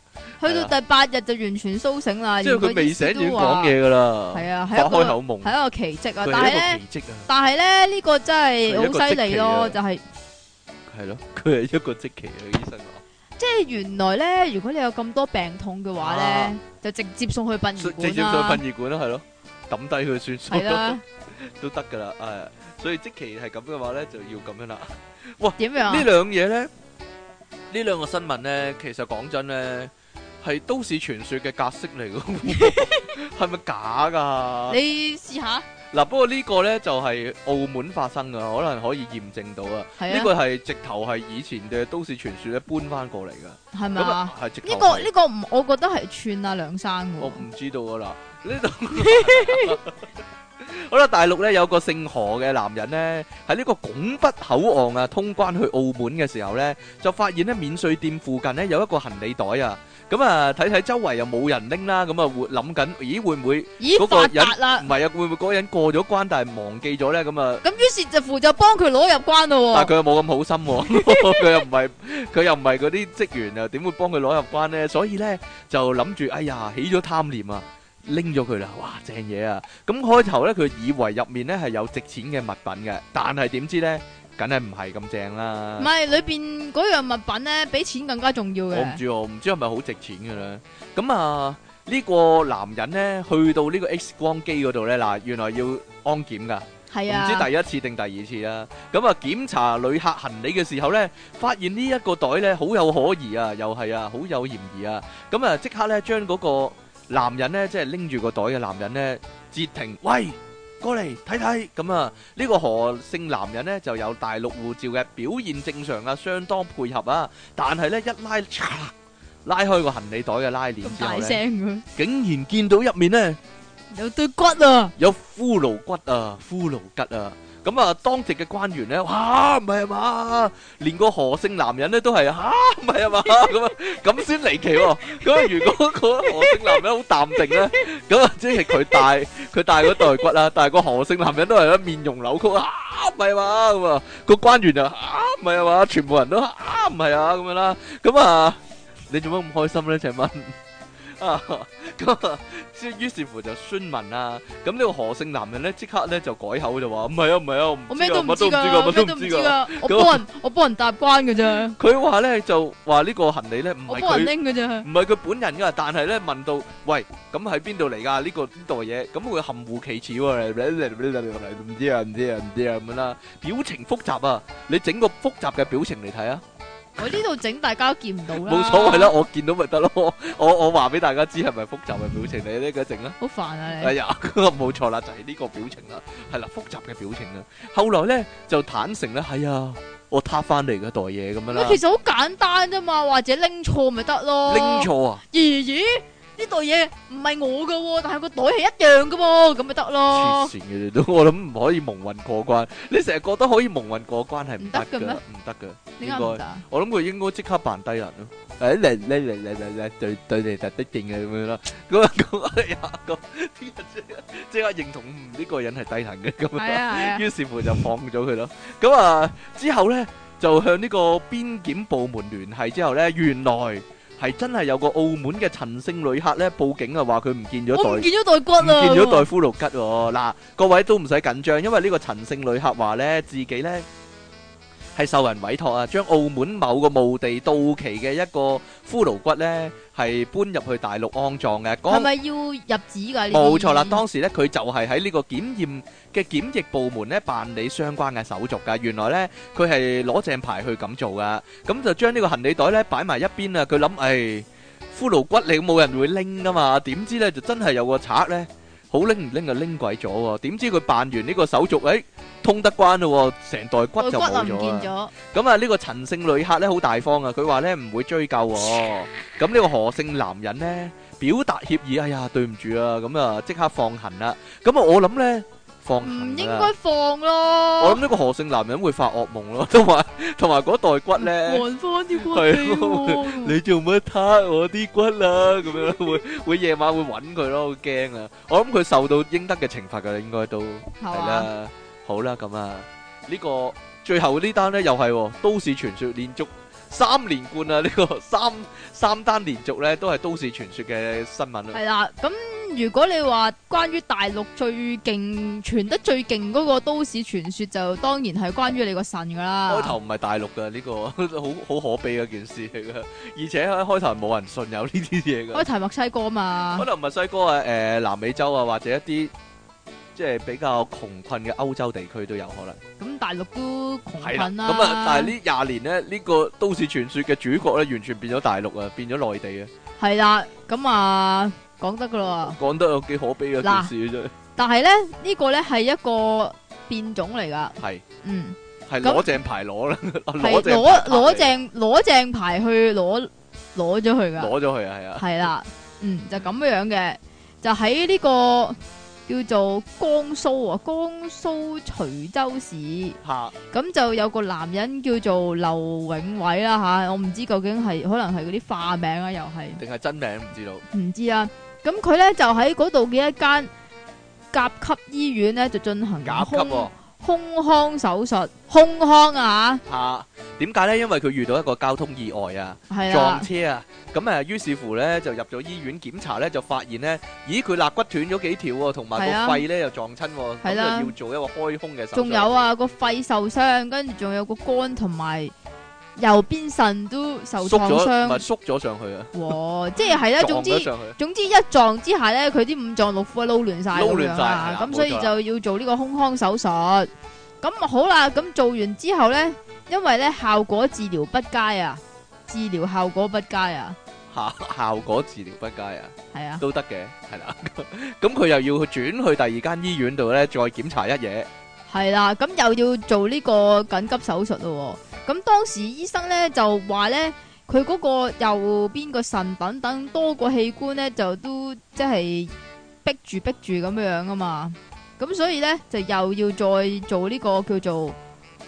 B: 去到第八日就完全蘇醒啦，即係佢未醒要講嘢噶啦，係啊，發開口夢，係一個奇蹟啊！但係咧，但係咧呢個真係好犀利咯，就係
A: 係咯，佢係一個積淇嘅醫生咯。
B: 即係原來咧，如果你有咁多病痛嘅話咧，就直接送去殯儀館啦，直接送去殯
A: 儀館啦，係咯，抌低佢算數啦，都得噶啦，係，所以積淇係咁嘅話咧，就要咁樣啦。哇，點樣？呢兩嘢咧，呢兩個新聞咧，其實講真咧。係都市傳說嘅格式嚟嘅。哦，係咪 假噶啊？你試下嗱，啊，不過個呢個咧就係、是、澳門發生嘅，可能可以驗證到啊。呢個係直頭係以前嘅都市傳說搬翻過嚟噶，係咪嗎啊？呢、這個呢、這
B: 個唔，我覺得係串啊梁生。我唔
A: 知道啦。呢度 好啦，大陸咧有個姓何嘅男人咧，喺呢個拱北口岸啊通關去澳門嘅時候咧，就發現咧免稅店附近咧有一個行李袋啊。咁啊，睇睇周圍又冇人拎啦，咁啊會諗緊，咦會唔會嗰個人唔係啊？會唔會嗰個人過咗關，但係忘記咗咧？咁啊，
B: 咁於是就負責幫佢攞入關咯。但係
A: 佢又冇咁好心，佢又唔係佢又唔係嗰啲職員啊，點會幫佢攞入關咧？所以咧就諗住，哎呀起咗貪念啊，拎咗佢啦！哇正嘢啊！咁開頭咧，佢以為入面咧係有值錢嘅物品嘅，但係點知咧？梗係唔係咁正啦！唔係
B: 裏邊嗰樣物品咧，比錢更加重
A: 要嘅。我唔知哦，唔知係咪好值錢嘅咧。咁啊，呢個男人咧，去到呢個 X 光機嗰度咧，嗱，原來要安檢噶，係啊，唔知第一次定第二次啊。咁啊，檢查旅客行李嘅時候咧，發現呢一個袋咧，好有可疑啊，又係啊，好有嫌疑啊。咁啊，即刻咧將嗰個男人咧，即係拎住個袋嘅男人咧，截停。喂！過嚟睇睇咁啊！呢個何姓男人呢就有大陸護照嘅，表現正常啊，相當配合啊。但係呢一拉，嚓，拉開個行李袋嘅拉鏈之後呢，竟然見到入面呢有對骨啊，有骷髏骨啊，骷髏骨啊！咁啊、嗯，當值嘅官員咧，哇，唔係啊嘛，連個何姓男人咧都係，啊，唔係啊嘛，咁啊，咁先離奇喎。咁啊，如果個何姓男人好淡定咧，咁啊，即係佢戴，佢戴個袋骨啊，但係個何姓男人都係一面容扭曲啊，唔係嘛，咁啊，個官員就啊，唔係啊嘛，全部人都啊，唔係啊，咁樣啦，咁、嗯、啊、嗯，你做乜咁開心咧，請問？啊咁，即於是乎就詢問啦。咁呢個何姓男人咧，即刻咧就改口就話唔係啊，唔係啊，我咩都唔知噶，咩都唔知噶，我幫人，
B: 我幫人搭關噶啫。
A: 佢話咧就話呢個行李咧唔係佢拎，唔係佢本人噶，但係咧問到喂，咁喺邊度嚟噶呢個呢度嘢，咁會含糊其詞喎，唔知啊，唔知啊，唔知啊咁啦。表情複雜啊，你整個複雜嘅表情嚟睇啊！
B: 我呢度整，大家都見唔到啦。冇所謂啦，我
A: 見到咪得咯。我我話俾大家知係咪複雜嘅表情，你呢個整啦。好
B: 煩啊你。哎呀，
A: 冇錯啦，就係、是、呢個表情啦。係啦，複雜嘅表情啦。後來咧就坦誠啦，係、哎、啊，我撻翻嚟嘅袋嘢咁樣啦。其實
B: 好簡單啫嘛，或者拎錯咪得咯。拎錯啊？咦、欸、咦？呢袋嘢唔係我噶，但係個袋係一樣噶，咁咪得咯。
A: 我諗唔可以蒙混過關。你成日覺得可以蒙混過關係唔得噶，唔得噶。應該我諗佢應該即刻扮低能咯。誒，嚟嚟嚟嚟嚟，對對，嚟就得勁嘅咁樣啦。咁啊咁啊咁，即刻認同呢個人係低能嘅咁啊。於是乎就放咗佢咯。咁啊之後咧就向呢個邊檢部門聯繫之後咧，原來。係真係有個澳門嘅陳姓旅客咧報警、哦、啊，話佢唔見咗袋，唔見咗袋骨，唔見咗袋骷髏骨。嗱，各位都唔使緊張，因為個陳呢個陳姓旅客話咧自己咧。係受人委託啊，將澳門某個墓地到期嘅一個骷髏骨呢，係搬入去大陸安葬嘅。係咪
B: 要入紙㗎？冇錯
A: 啦，當時呢，佢就係喺呢個檢驗嘅檢疫部門呢辦理相關嘅手續㗎。原來呢，佢係攞正牌去咁做噶，咁就將呢個行李袋呢擺埋一邊啊。佢諗誒骷髏骨你冇人會拎㗎嘛？點知呢，就真係有個賊呢。」好，拎唔拎就拎鬼咗喎，點知佢辦完呢個手續，哎，通得關咯，成袋骨就冇咗啦。咁啊，呢個陳姓旅客咧好大方啊，佢話咧唔會追究喎，啊。咁呢個何姓男人呢，表達歉意，哎呀，對唔住啊，咁啊即刻放行啦。咁啊，我諗呢。唔應該
B: 放咯！我諗呢
A: 個何姓男人會發惡夢咯，同埋同埋嗰袋骨咧，你做乜拆我啲骨啊？咁 樣會會夜晚會揾佢咯，好驚啊！我諗佢受到應得嘅懲罰噶，應該都係啦、啊。好啦，咁啊、呢個，呢個最後呢單咧又係都市傳說連續。三連冠啊！呢、這個三三單連續咧，都係都市傳說嘅新聞啦。係
B: 啦，咁如果你話關於大陸最勁傳得最勁嗰個都市傳說，就當然係關於你個腎噶啦。開頭
A: 唔係大陸噶呢個，好好可悲嘅一件事嚟噶。而且開開頭冇人信有呢啲嘢噶。開
B: 頭墨西哥啊嘛。
A: 可能墨西哥啊，誒、呃，南美洲啊，或者一啲。即係比較窮困嘅歐洲地區都有可能，
B: 咁大陸都窮困啦。咁啊，但係呢
A: 廿年咧，呢、這個都市傳說嘅主角咧，完全變咗大陸啊，變咗內地啊。
B: 係、嗯、啦，咁啊，講得噶啦。
A: 講得有幾可悲嘅件事啫。
B: 但係咧，呢、這個咧係一個變種嚟噶。係是，
A: 嗯，係攞正牌攞啦，係攞攞正
B: 攞正牌去攞攞咗去噶。攞咗去啊，係啊。係啦，嗯，就咁樣樣嘅，就喺呢、這個。 叫做江蘇啊，江蘇徐州市。吓、啊，咁就有個男人叫做劉永偉啦，吓、啊，我唔知究竟係可能係嗰啲化名啊，又係
A: 定係真名唔知道。唔
B: 知啊，咁佢咧就喺嗰度嘅一間甲級醫院咧就進行。甲級啊胸腔手術，胸腔啊，
A: 啊，點解呢？因為佢遇到一個交通意外啊，啊，撞車啊，咁啊，於是乎呢，就入咗醫院檢查呢，就發現呢，咦，佢肋骨斷咗幾條喎、啊，同埋個肺呢又撞親、啊，咁啊要做一個開胸嘅手術。仲有啊，
B: 個肺受傷，跟住仲有個肝同埋。右邊腎都受創傷，咪
A: 縮咗上去啊！哇，
B: 即係係啦，總之總之一撞之下咧，佢啲五臟六腑啊撈亂晒啦，撈亂晒，咁所以就要做呢個胸腔手術。咁好啦，咁做完之後咧，因為咧效果治療不佳啊，治療效果不佳啊，
A: 吓效果治療不佳啊，係啊，都得嘅，係啦，咁佢又要去轉去第二間醫院度咧，再檢查一嘢。
B: 係啦，咁又要做呢個緊急手術咯。咁當時醫生咧就話咧，佢嗰個右邊個腎等等多個器官咧，就都即係逼住逼住咁樣樣啊嘛。咁所以咧就又要再做呢個叫做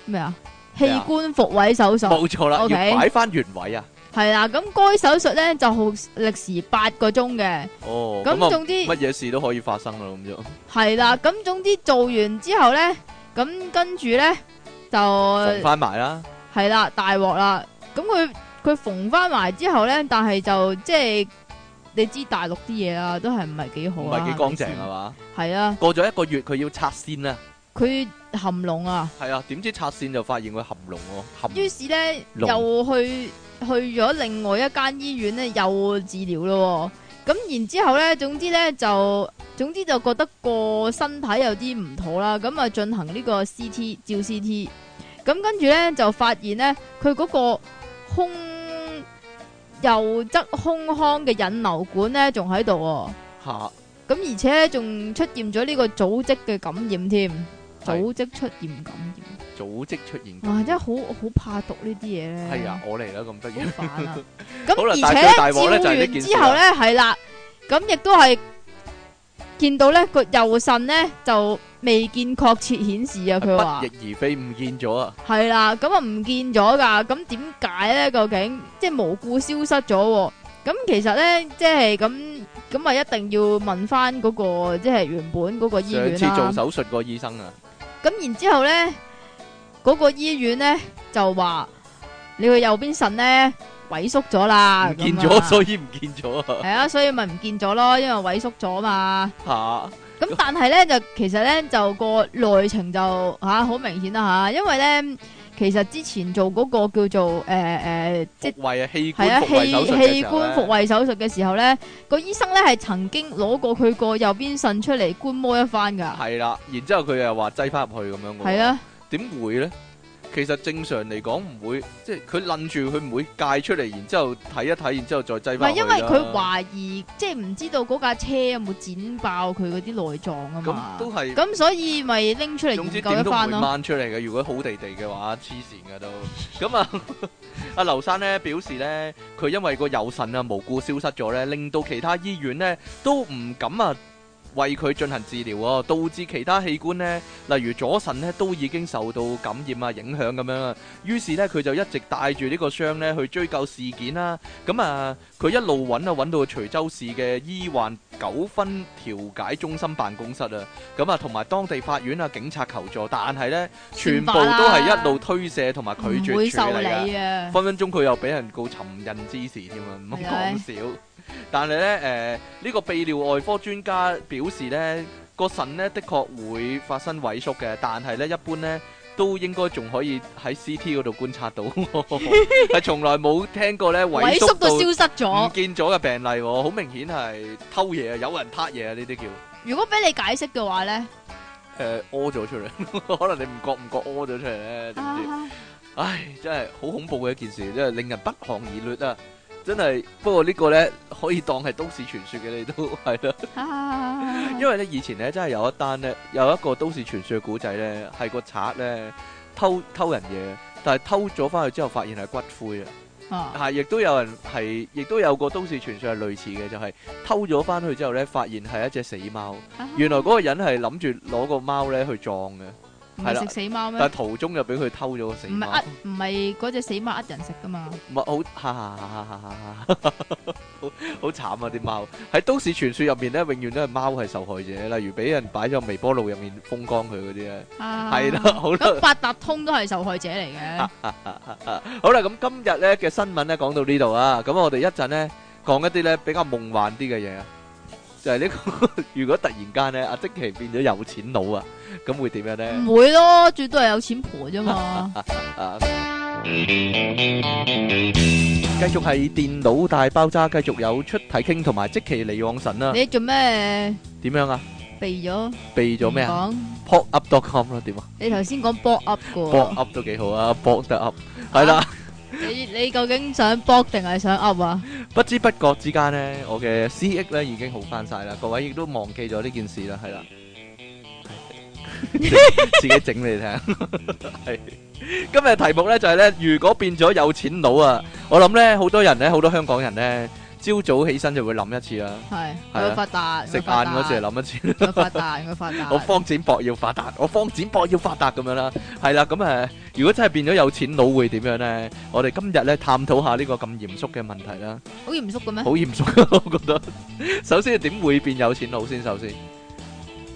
B: 咩啊器官復位手術，冇錯啦，要擺
A: 翻原位啊。
B: 係啦，咁該手術咧就歷時八個鐘嘅。哦，
A: 咁總之乜嘢事都可以發生啦，咁樣。
B: 係啦，咁總之做完之後咧。咁、嗯、跟住咧就縫翻埋啦，係啦，大鑊啦！咁佢佢縫翻埋之後咧，但係就即係你知大陸啲嘢啊，都係唔係幾好，唔係幾乾
A: 淨係嘛？係啊，過咗一個月佢要拆線啦，
B: 佢含膿啊！
A: 係啊、嗯，點知拆線就發現佢含膿哦、啊，於
B: 是咧膿又去去咗另外一間醫院咧又治療咯、哦。咁然之後咧，總之咧就，總之就覺得個身體有啲唔妥啦。咁啊，進行呢個 CT 照 CT，咁跟住咧就發現咧，佢嗰個胸右側胸腔嘅引流管咧仲喺度，吓、啊，咁哈而且咧仲出現咗呢個組織嘅感染添，是組織出現感染。
A: 組織出現，哇！
B: 真係好好怕毒呢啲嘢咧。係啊，
A: 我嚟啦，咁得意。好煩啊！咁而且照完之後咧，
B: 係啦，咁亦都係見到咧個右腎咧就未見確切顯示啊。佢話不翼
A: 而飛，唔見咗啊。
B: 係啦，咁啊唔見咗噶，咁點解咧？究竟即係無故消失咗？咁其實咧，即係咁咁啊，一定要問翻嗰個即係原本嗰個醫院啦。上次做手
A: 術個醫生啊。
B: 咁然之後咧。嗰個醫院咧就話你個右邊腎咧萎縮咗啦，唔見咗，咁樣，所以
A: 唔見咗。係啊，所以
B: 咪唔見咗咯，因為萎縮咗嘛。
A: 吓、啊，咁但
B: 係咧就其實咧就個內情就吓好、啊、明顯啦吓，因為咧其實之前做嗰個叫做誒誒復
A: 位啊器官，係啊，氣器官復位
B: 手術嘅時候咧個醫生咧係曾經攞過佢個右邊腎出嚟觀摩一番噶。
A: 係啦，然之後佢又話擠翻入去咁樣。係啊。點會咧？其實正常嚟講唔會，即係佢諗住佢唔會戒出嚟，然之後睇一睇，然之後再擠翻。唔係因為佢懷
B: 疑，即係唔知道嗰架車有冇剪爆佢嗰啲內臟啊嘛。咁都係。咁所以咪拎出嚟研究一番
A: 咯。出嚟嘅，如果好地地嘅話，黐線㗎都。咁 啊，阿劉生咧表示咧，佢因為個右腎啊無故消失咗咧，令到其他醫院咧都唔敢啊。為佢進行治療喎，導致其他器官咧，例如左腎咧都已經受到感染啊影響咁樣啦。於是呢，佢就一直帶住呢個傷咧去追究事件啦。咁啊，佢、啊、一路揾啊揾到徐州市嘅醫患糾紛調解中心辦公室啊。咁啊，同埋當地法院啊警察求助，但係呢，全部都係一路推卸同埋拒絕處理啊。分分鐘佢又俾人告尋釁滋事添啊，唔好講笑。但係咧，誒，呢個泌尿外科專家表示咧，個腎咧的確會發生萎縮嘅，但係咧一般咧都應該仲可以喺 CT 嗰度觀察到，係從來冇聽過咧萎縮到消失咗唔見咗嘅病例，好明顯係偷嘢啊，有人拍嘢啊，呢啲叫。
B: 如果俾你解釋嘅話咧，
A: 誒，屙咗出嚟，可能你唔覺唔覺屙咗出嚟咧，點知？唉，真係好恐怖嘅一件事，真係令人不寒而慄啊！真係，不過呢個呢，可以當係都市傳說嘅，你都係咯。因為呢，以前呢，真係有一單呢，有一個都市傳說嘅古仔呢，係個賊呢，偷偷人嘢，但係偷咗翻去之後，發現係骨灰啊。吓，亦都有人係，亦都有個都市傳說係類似嘅，就係偷咗翻去之後呢，發現係一隻死貓。原來嗰個人係諗住攞個貓呢去撞嘅。
B: 係啦，食死貓咩？但係
A: 途中又俾佢偷咗個死。唔係呃，
B: 唔係嗰隻死貓呃人食噶嘛？
A: 唔係好，哈哈哈哈哈哈，好慘啊！啲貓喺都市傳說入面咧，啊，永遠都係貓係受害者。例如俾人擺咗微波爐入面風乾佢嗰啲咧，係、啊、啦、啊啊，好啦。咁八
B: 達通都係受害者嚟
A: 嘅。好啦，咁今日咧嘅新聞咧講到呢度啊，咁我哋一陣咧講一啲咧比較夢幻啲嘅嘢。就係呢個，如果突然間咧，阿積淇變咗有錢佬啊，咁會點樣咧？唔會
B: 咯，最多係有錢婆啫嘛。啊，
A: 繼續係電腦大爆炸，繼續有出體 king 同埋積淇離岸神啦。你
B: 做咩？點樣啊？避咗？
A: 避咗咩啊？講 pop up dot com 啦，點啊？
B: 你頭先講 pop up 嘅。pop
A: up 都幾好啊，pop 得 up 係啦。
B: 你你究竟想卜定係想噏啊？
A: 不知不覺之間咧，我嘅 C X 咧已經好翻晒啦，各位亦都忘記咗呢件事啦，係啦，自己整你聽，係今日題目咧就係咧，如果變咗有錢佬啊，我諗咧好多人咧，好多香港人咧。朝早起身就會諗一次啦，
B: 係，要發達，食飯嗰時諗一次，要發達，要發達，我
A: 方展博要發達，我方展博要發達咁樣啦，係啦，咁誒，如果真係變咗有錢佬會點樣咧？我哋今日咧探討下呢個咁嚴肅嘅問題啦。好嚴肅嘅咩？好嚴肅啊！我覺得，首先點會變有錢佬先，首先，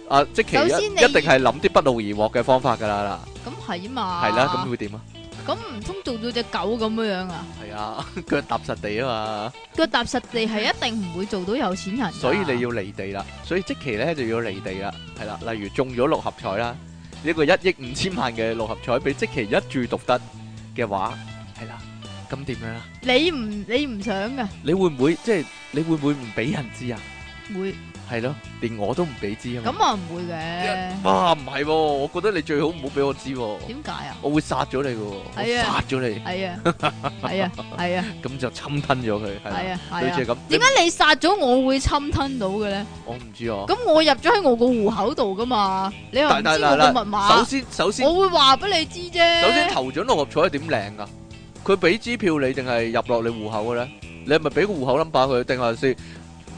A: 啊，即係，首先一定係諗啲不勞而獲嘅方法㗎啦嗱。咁
B: 係啊嘛。係啦，咁會點啊？咁唔通做到隻狗咁樣啊？係
A: 啊，腳踏實地啊嘛。
B: 腳踏實地係一定唔會做到有錢人。所以你
A: 要離地啦，所以積淇咧就要離地啦，係啦。例如中咗六合彩啦，呢個一億五千萬嘅六合彩俾積淇一注獨得嘅話，係啦，咁點樣啊？
B: 你唔你唔想㗎？
A: 你會唔會即係你會唔會唔俾人知啊？會。係咯，連我都唔俾知啊！咁
B: 啊唔會
A: 嘅，啊唔係，我覺得你最好唔好俾我知。點解啊？我會殺咗你，殺咗你，係啊，係啊，係啊，咁就侵吞咗佢，係啊，對住咁。點解你
B: 殺咗我會侵吞到嘅咧？
A: 我唔知啊。咁
B: 我入咗喺我個戶口度噶嘛？你又唔知我嘅密碼？首先，首先，我會話俾你知啫。
A: 首先，頭獎六合彩係點領噶？佢俾支票你定係入落你戶口嘅咧？你係咪俾個戶口 number 佢定係先？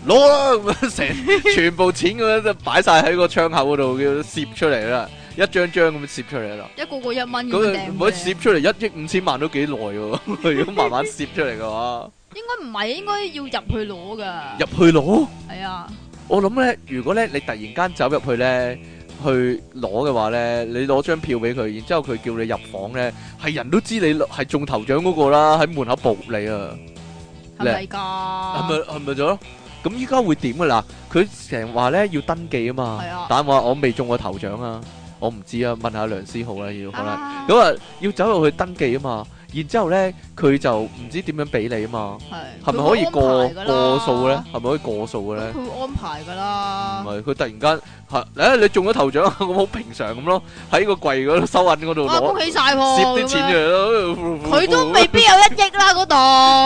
A: 攞啦，咁樣成全部錢咁樣就擺晒喺個窗口嗰度，叫攝出嚟啦，一張張咁樣攝出嚟啦。
B: 一個個一蚊咁樣。咁啊，
A: 攝出嚟一億五千萬都幾耐噶，佢要慢慢攝出嚟嘅話。
B: 應該唔係，應該要入去攞噶。入去攞？係啊。
A: 我諗咧，如果咧你突然間走入去咧，去攞嘅話咧，你攞張票俾佢，然之後佢叫你入房咧，係人都知你係中頭獎嗰個啦，喺門口捕你啊。係咪噶？係咪係咪咗？咁依家會點嘅啦？佢成日話呢要登記啊嘛，是啊，但係我我未中過頭獎啊，我唔知啊，問下梁思浩啦，要，咁啊要走入去登記啊嘛。然之後咧，佢就唔知點樣俾你啊嘛，係咪是可以過過數咧？係咪可以過數嘅咧？
B: 佢會安排噶啦。唔
A: 係佢突然間，嚇誒、哎、你中咗頭獎，咁 好平常咁咯，喺個櫃嗰度收銀嗰度攞，蝦、啊、恭喜曬噃！攝啲錢嘅咯。佢麼 都未必有一
B: 億啦嗰度。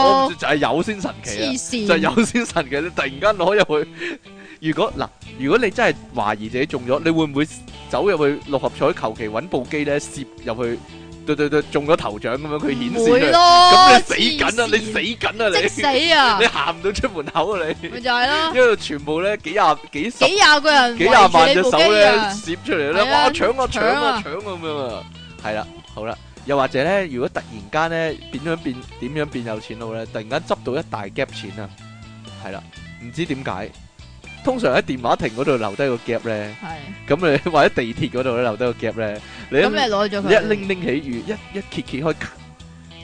B: 我唔知
A: 就係有先神奇，神就係有先神奇，你突然間攞入去。如果嗱，如果你真係懷疑自己中咗，你會唔會走入去六合彩，求其揾部機咧攝入去？對對對，中咗頭獎咁樣，佢顯示咯，咁你死緊啊，你死緊啊，你即死啊，你行唔到出門口啊，你咪就係咯，因為全部咧幾廿幾十幾廿個人，幾廿萬隻手咧，攝出嚟咧，哇，搶啊搶啊搶咁啊，係啦，好啦，又或者咧，如果突然間咧變咗變點樣變有錢佬咧，突然間執到一大夾錢啊，係啦，唔知點解。通常喺電話亭嗰度留低個夾咧，咁你或者地鐵嗰度咧留低個夾咧，你一拎拎起，一一揭揭開，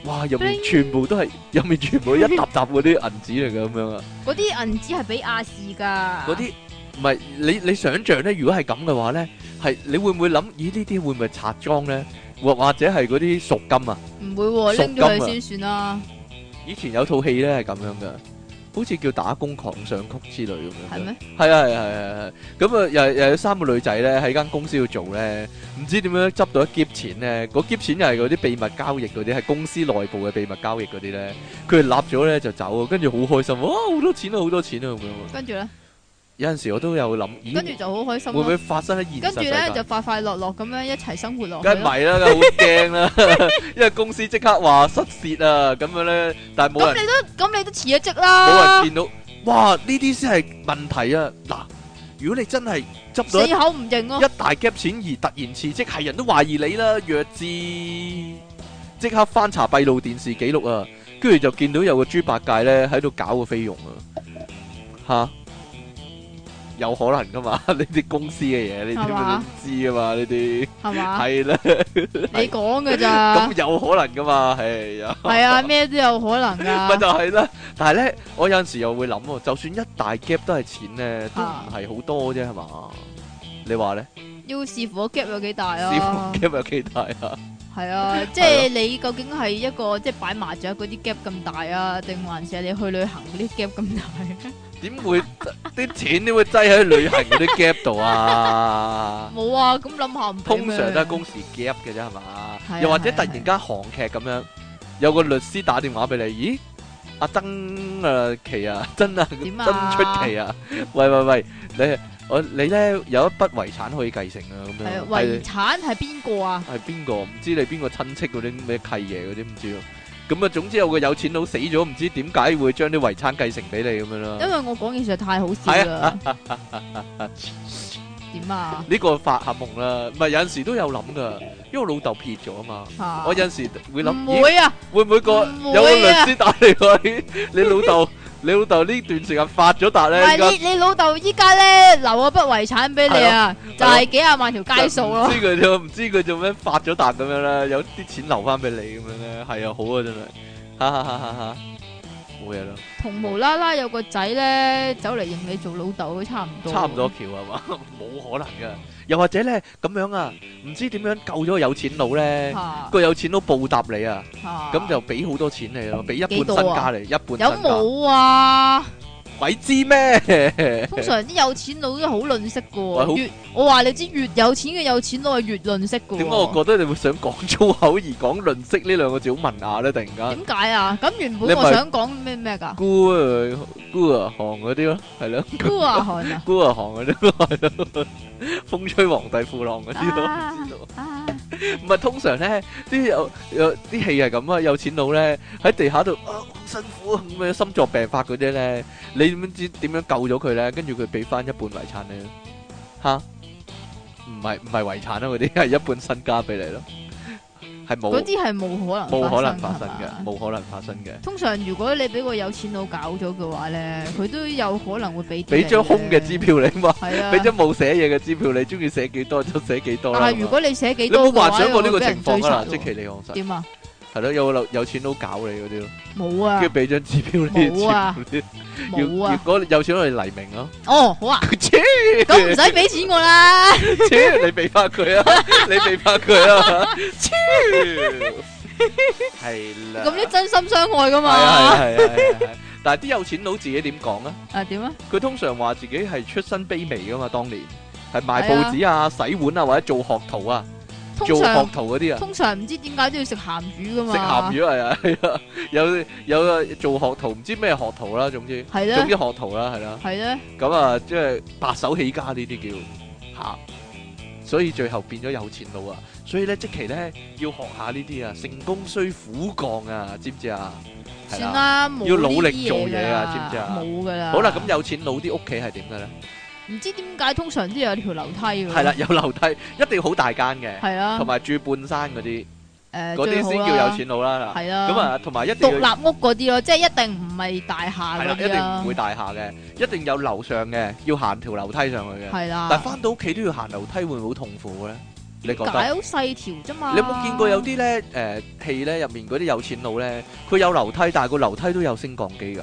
A: 哇！入面全部都係入面全部一疊疊嗰啲銀紙嚟嘅咁樣啊！
B: 嗰啲銀紙係俾亞視㗎，嗰啲
A: 唔係你你想像咧？如果係咁嘅話咧，係你會唔會諗？咦？呢啲會唔會拆裝咧？或或者係嗰啲贖金啊？
B: 唔會喎，拎咗佢先算啦。
A: 以前有套戲咧係咁樣嘅。好似叫打工狂想曲之類咁樣，係咩嗎？係啊係係係係，咁啊，啊，啊、嗯、又又有三個女仔咧喺間公司度做咧，唔知點樣執到一劫錢咧，嗰劫錢又係嗰啲秘密交易嗰啲，係公司內部嘅秘密交易嗰啲咧，佢哋立咗咧就走，跟住好開心，哇，好多錢啊，好多錢啊咁樣。跟住咧。有陣時我都有諗，跟住就好開心。會唔會發生喺現實世界？
B: 跟住咧就快快樂樂咁樣一齊生活落
A: 去。梗係唔係啦？好驚啦！因為公司即刻話失竊啊，咁樣咧，但係冇人。咁你
B: 都咁你都辭咗職啦！冇人見
A: 到，哇！呢啲先係問題啊！嗱，如果你真係執到，死口唔認囉！一大夾錢而突然辭職，係人都懷疑你啦，弱智！即刻翻查閉路電視記錄啊，跟住就見到有個豬八戒咧喺度搞個菲傭啊，嚇！有可能噶嘛？呢啲公司嘅嘢，你點樣都知噶嘛？呢啲係啦，你
B: 講嘅咋？咁
A: 有可能噶嘛？係啊，係
B: 啊，咩都有可能噶。咪
A: 就係啦。但係咧，我有陣時又會諗，就算一大 gap 都係錢咧，都唔係好多啫，係嘛？你話咧？
B: 要視乎個 gap 有幾大啊？視乎個
A: gap 有幾大啊？
B: 係啊，即係你究竟係一個即係擺麻雀嗰啲 gap 咁大啊，定還是係你去旅行嗰啲 gap 咁大？
A: 點會啲 錢點會擠喺旅行嗰啲 gap 度啊？
B: 冇 啊，咁諗下唔通通常都係
A: 公時 gap 嘅啫，係嘛 吧？又或者突然間韓劇咁樣，有個律師打電話俾你，咦？阿、啊、曾啊、呃，奇啊，真啊，真、啊、出奇啊！喂喂喂，你我你咧有一筆遺產可以繼承啊？咁樣遺是
B: 產
A: 係邊個啊？係邊個唔知你邊個親戚嗰啲咩契爺嗰啲唔知咁啊，總之有個有錢佬死咗，唔知點解會將啲遺產繼承俾你咁、啊、樣咯、啊。因為
B: 我講嘢實在太好笑啦。
A: 點啊？呢個發下夢啦，唔係有陣時都有諗噶，因為老豆撇咗啊嘛。我有陣時會諗，會啊？欸、會唔會個有個律師打嚟去？啊、 你老豆 爸？ 你老豆呢段時間發咗達咧？係該
B: 你你老豆依家咧留嗰筆遺產俾你啊，啊就係幾十萬條啊萬條街數
A: 咯。啊、知佢，唔知佢做咩發咗達咁樣啦，有啲錢留翻俾你咁樣咧，係啊，好啊，真係，哈哈哈！冇嘢咯。
B: 同無啦啦有個仔咧走嚟認你做老豆都差唔多，差唔多
A: 橋係嘛，冇 可能噶。又或者咧咁樣啊，唔知點樣救咗個有錢佬咧，啊、個有錢佬報答你啊，咁、啊、就俾好多錢你咯，俾一半身家嚟，多多啊、一半等有冇啊？鬼知咩？通常
B: 啲有錢佬都好吝嗇噶，越我話你知越有錢嘅有錢佬係越吝嗇噶。點解我覺
A: 得你會想講粗口而講吝嗇呢兩個字好文雅咧？突然間點
B: 解啊？咁原本我想講咩咩噶？孤
A: 啊孤啊寒嗰啲咯，係咯。孤啊寒啊，孤啊寒嗰啲，風吹皇帝褲浪嗰啲咯。唔係 通常咧，啲有有啲戲係咁啊，有錢佬咧喺地下度啊，好、哦、辛苦啊，咁啊心臟病發嗰啲咧，你點知點樣救咗佢咧？跟住佢俾翻一半遺產你，嚇？唔係唔係遺產啊，嗰啲係一半身家俾你咯。嗰啲
B: 係冇可能，冇可能發
A: 生嘅，冇可能發生嘅。吧生通
B: 常如果你俾個有錢佬搞咗嘅話咧，佢都有可能會俾俾張空
A: 嘅支票你嘛，俾是、啊、張冇寫嘢嘅支票你，中意寫幾多就寫幾多，但係如果
B: 你寫幾多，吧你冇幻想過呢個情況㗎啦，積
A: 淇離岸神，點啊？係咯，有樓有錢佬搞你嗰啲咯，冇啊，跟住俾張支票你，冇啊，冇啊，如果有錢係黎明咯，
B: 哦好啊，黐，咁
A: 唔使俾錢我啦，黐，你背叛佢啊，你背叛佢啊，黐，係啦，咁
B: 啲真心相愛噶嘛，係係係，
A: 但係啲有錢佬自己點講啊？啊點啊？佢通常話自己係出身卑微噶嘛，當年係賣報紙啊、洗碗啊或者做學徒啊。做學徒嗰啲啊，通
B: 常唔知點解都要食鹹魚噶嘛鹹魚。
A: 食鹹魚，係啊，有有做學徒，唔知咩學徒啦，總之的總之學徒啦，係啦。係咧的。咁啊，即係白手起家呢啲叫鹹，所以最後變咗有錢佬啊。所以咧，即期咧要學下呢啲啊，成功需苦幹啊，知唔知啊？算啦了，要努力做嘢啊了，知唔知啊？冇噶啦。好啦，咁有錢佬啲屋企係點嘅咧？
B: 唔知點解通常都有條樓梯㗎。係啦，有樓
A: 梯一定好大間嘅。係啦了，同埋住半山嗰啲，誒
B: 嗰啲先叫有錢
A: 佬啦。係啦了，咁啊同埋一定要獨
B: 立屋嗰啲咯，即係一定唔係大廈，一定唔會大
A: 廈嘅，一定有樓上嘅，要行條樓梯上去嘅。了但係翻到屋企都要行樓梯，會唔會好痛苦咧？你覺得？好
B: 細條啫嘛。你有冇見過有啲咧
A: 誒戲咧入面嗰啲有錢佬咧，佢有樓梯，但係個樓梯都有升降機㗎？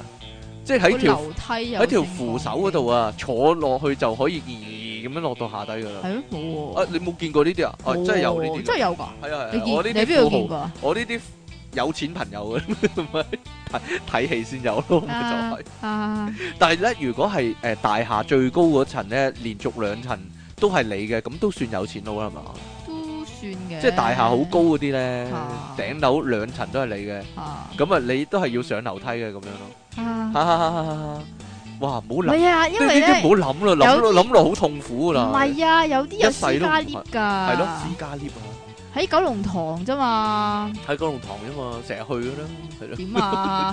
A: 即係喺條樓梯喺條扶手嗰度啊，坐落去就可以易咁樣落到下底噶啦。係咯，冇啊，你冇見過呢啲啊？啊，真係有呢啲，真係有㗎。係啊係啊，我呢啲富豪，我呢啲有錢朋友嘅，同埋睇睇戲先有咯，就係。啊！但係咧，如果係誒大廈最高嗰層咧，連續兩層都係你嘅，咁都算有錢佬啦，係嘛？都算嘅。即係大廈好高嗰啲咧，頂樓兩層都係你嘅，咁啊，你都係要上樓梯嘅咁樣咯。啊！哇，唔好諗，因為咧唔好諗啦，諗落諗落好痛苦啦。唔係
B: 啊，有啲人加 lift 噶，係咯，加 lift 啊！喺九龍塘啫嘛，
A: 喺九龍塘啫嘛，成日去噶啦，係咯。點啊？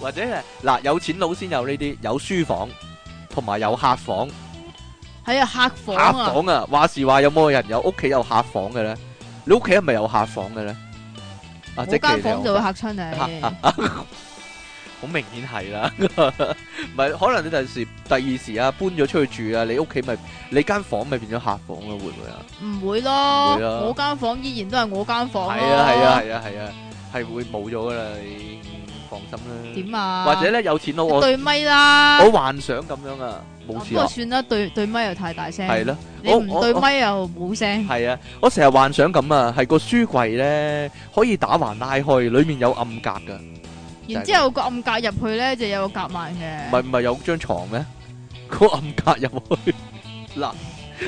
A: 或者咧，嗱，有錢佬先有呢啲，有書房同埋有客房。
B: 係啊，客房啊！客房
A: 啊！話時話有冇人有屋企有客房嘅咧？你屋企係咪有客房嘅咧？我間房間就會嚇親你 顯， 好明顯係啦。唔係，可能你第時第二時啊，搬咗出去住啊，你屋企咪你間房咪變咗客房咯，會唔會啊？唔會咯，唔會咯，我
B: 間房間依然都係我間房。係啊係啊係啊係啊，
A: 係、啊啊啊、會冇咗噶啦。放心啦，點啊，或者咧有錢佬我對咪啦，我幻想咁樣啊，冇錢。不過算
B: 啦，對對咪又太大聲，係咯，我唔對咪又冇聲。係
A: 啊，我成日幻想咁啊，係個書櫃咧可以打橫拉開，裏面有暗格噶。然之後
B: 個暗格入去咧就有個夾萬嘅。唔係
A: 唔係有張床咩？個暗格入去嗱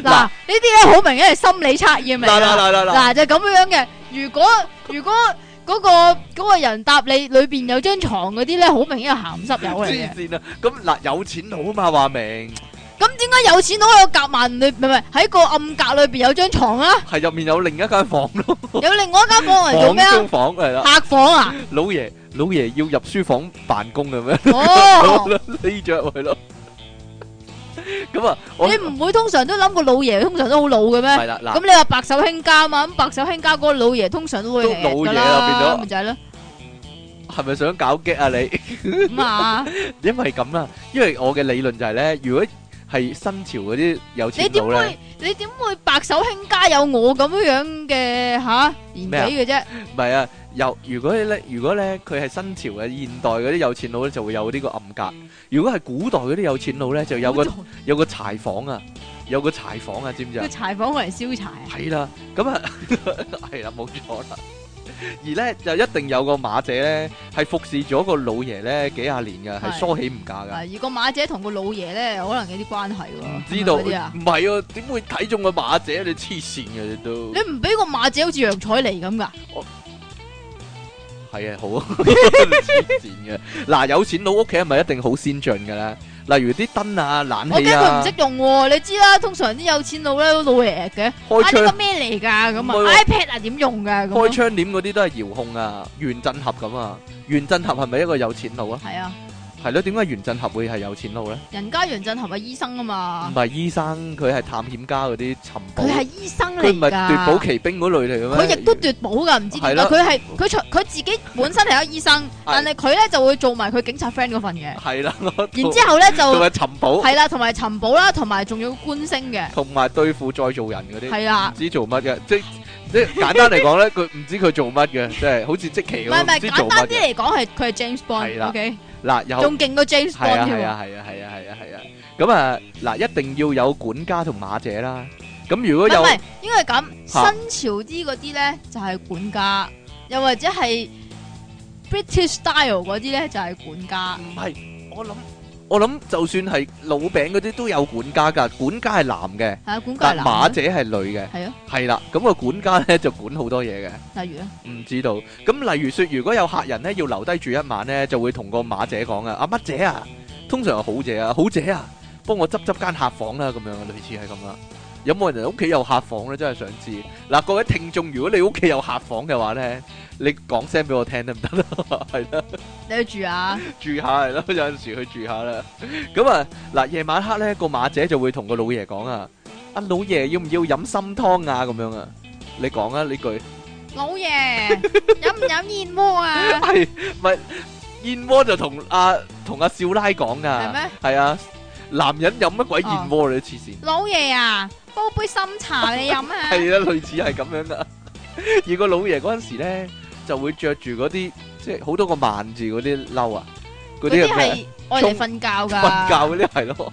B: 嗱呢啲咧好明顯係心理測驗嚟啦啦啦啦啦，嗱就咁樣嘅。如果如果。嗰個嗰個人搭你裏邊有張牀嗰啲咧，好明顯係鹹濕友嚟嘅。黐
A: 線啊！咁嗱有錢佬啊嘛話明。
B: 咁點解有錢佬喺個夾萬裏唔係唔係喺個暗格裏邊有張牀啊？
A: 係入面有另一間房咯，
B: 有另外一間
A: 房嚟做咩啊？客房啊？老爺老爺要入書房辦公嘅咩？哦，匿著去咯。咁啊！
B: 你唔會通常都諗個老爺，通常都好老嘅咩？係啦，嗱，咁你話白手興家啊嘛，咁白手興家嗰個老爺通常都會老嘅啦。老爺啊，變咗咩仔咧？
A: 係咪想搞激啊你？咁啊，因為咁啦，因為我嘅理論就係咧，如果係新潮嗰啲有錢佬咧，你
B: 點會你點會白手興家有我咁樣樣嘅吓年紀嘅啫？
A: 唔係啊，又如果咧，如果咧佢係新潮嘅現代嗰啲有錢佬咧，就會有呢個暗格。如果係古代嗰啲有錢佬咧，就有個有個柴房啊，有個柴房啊，知唔知
B: 柴房為人燒柴啊。係
A: 啦，咁啊，係 啦，冇錯啦。而咧就一定有個馬姐咧，係服侍咗個老爺咧幾廿年㗎，係梳是起唔嫁㗎。而
B: 個馬姐同個老爺咧，可能有啲關係喎。唔知道？
A: 唔係啊。點會睇中個馬姐？你黐線嘅你都。
B: 你唔俾個馬姐好似楊采妮咁㗎？
A: 係啊，好先進嘅。嗱，有錢佬屋企係咪一定好先進嘅咧？例如啲燈啊、冷氣啊，我驚佢唔識
B: 用喎、啊。你知啦，通常啲有錢佬咧都老爺爺嘅。開窗咩嚟㗎？咁啊、呢個、啊，iPad 啊點用㗎？開窗
A: 簾嗰啲都係遙控啊，原振俠咁啊，原振俠係咪一個有錢佬啊？係啊。係咯，點解原振俠會係有錢佬咧？
B: 人家原振俠係醫生啊嘛。
A: 唔係醫生，佢係探險家嗰啲尋寶。佢係醫
B: 生嚟。佢唔係奪寶奇
A: 兵嗰類嚟嘅咩？佢亦
B: 都奪寶噶，唔知點。係佢係佢佢自己本身係一個醫生，但係佢咧就會做埋佢警察 friend 嗰份嘢。
A: 係啦，我。然之後咧就。同埋尋寶。係啦，
B: 同埋尋寶啦，同埋仲要觀星嘅。
A: 同埋對付再造人嗰啲。係啦。唔知做乜嘅，即即簡單嚟講咧，佢唔知佢做乜嘅，即係好似積淇咁。唔係唔係，簡單啲嚟
B: 講係佢係 James Bond。啦
A: 嗱，又仲勁過 James Bond 添喎，係啊，係啊，係啊，係啊，係啊，咁啊，嗱，一定要有管家同馬姐啦，咁如果有，唔係，
B: 應該係咁，新潮啲嗰啲咧就係管家，又或者係 British style 嗰啲咧就係管家，唔係，我諗。
A: 我諗就算係老餅嗰啲都有管家噶管家係男嘅，
B: 啊、管家係男但馬姐
A: 係女嘅，係咯的，係啦，咁、個管家咧就管好多嘢嘅。例如咧，唔知道。咁例如說，如果有客人咧要留低住一晚咧，就會同個馬姐講啊，阿乜姐啊，通常係好姐啊，好姐啊，幫我執執間客房啦，咁樣類似係咁啦。有冇人喺屋企有客房咧？真係想知嗱，各位聽眾，如果你屋企有客房嘅話咧，你講聲俾我聽得唔得啦？係啦，你去住啊住下係咯，有陣時去住下啦。咁啊，嗱，夜晚黑咧，個馬姐就會同個老爺講啊，阿老爺要唔要飲參湯啊？咁樣啊，你講啊呢句，
B: 老爺飲唔飲燕窩啊？係
A: 咪燕窩就同阿同阿少奶講噶？係咩？係啊，男人飲乜鬼燕窩你黐線？
B: 老爺啊！煲杯深茶你飲下，
A: 係啦，類似係咁樣噶。 而個老爺嗰陣時咧，就會着住嗰啲即係好多個慢字嗰啲褸啊，嗰啲係嚟瞓覺
B: 噶，瞓覺嗰啲係咯。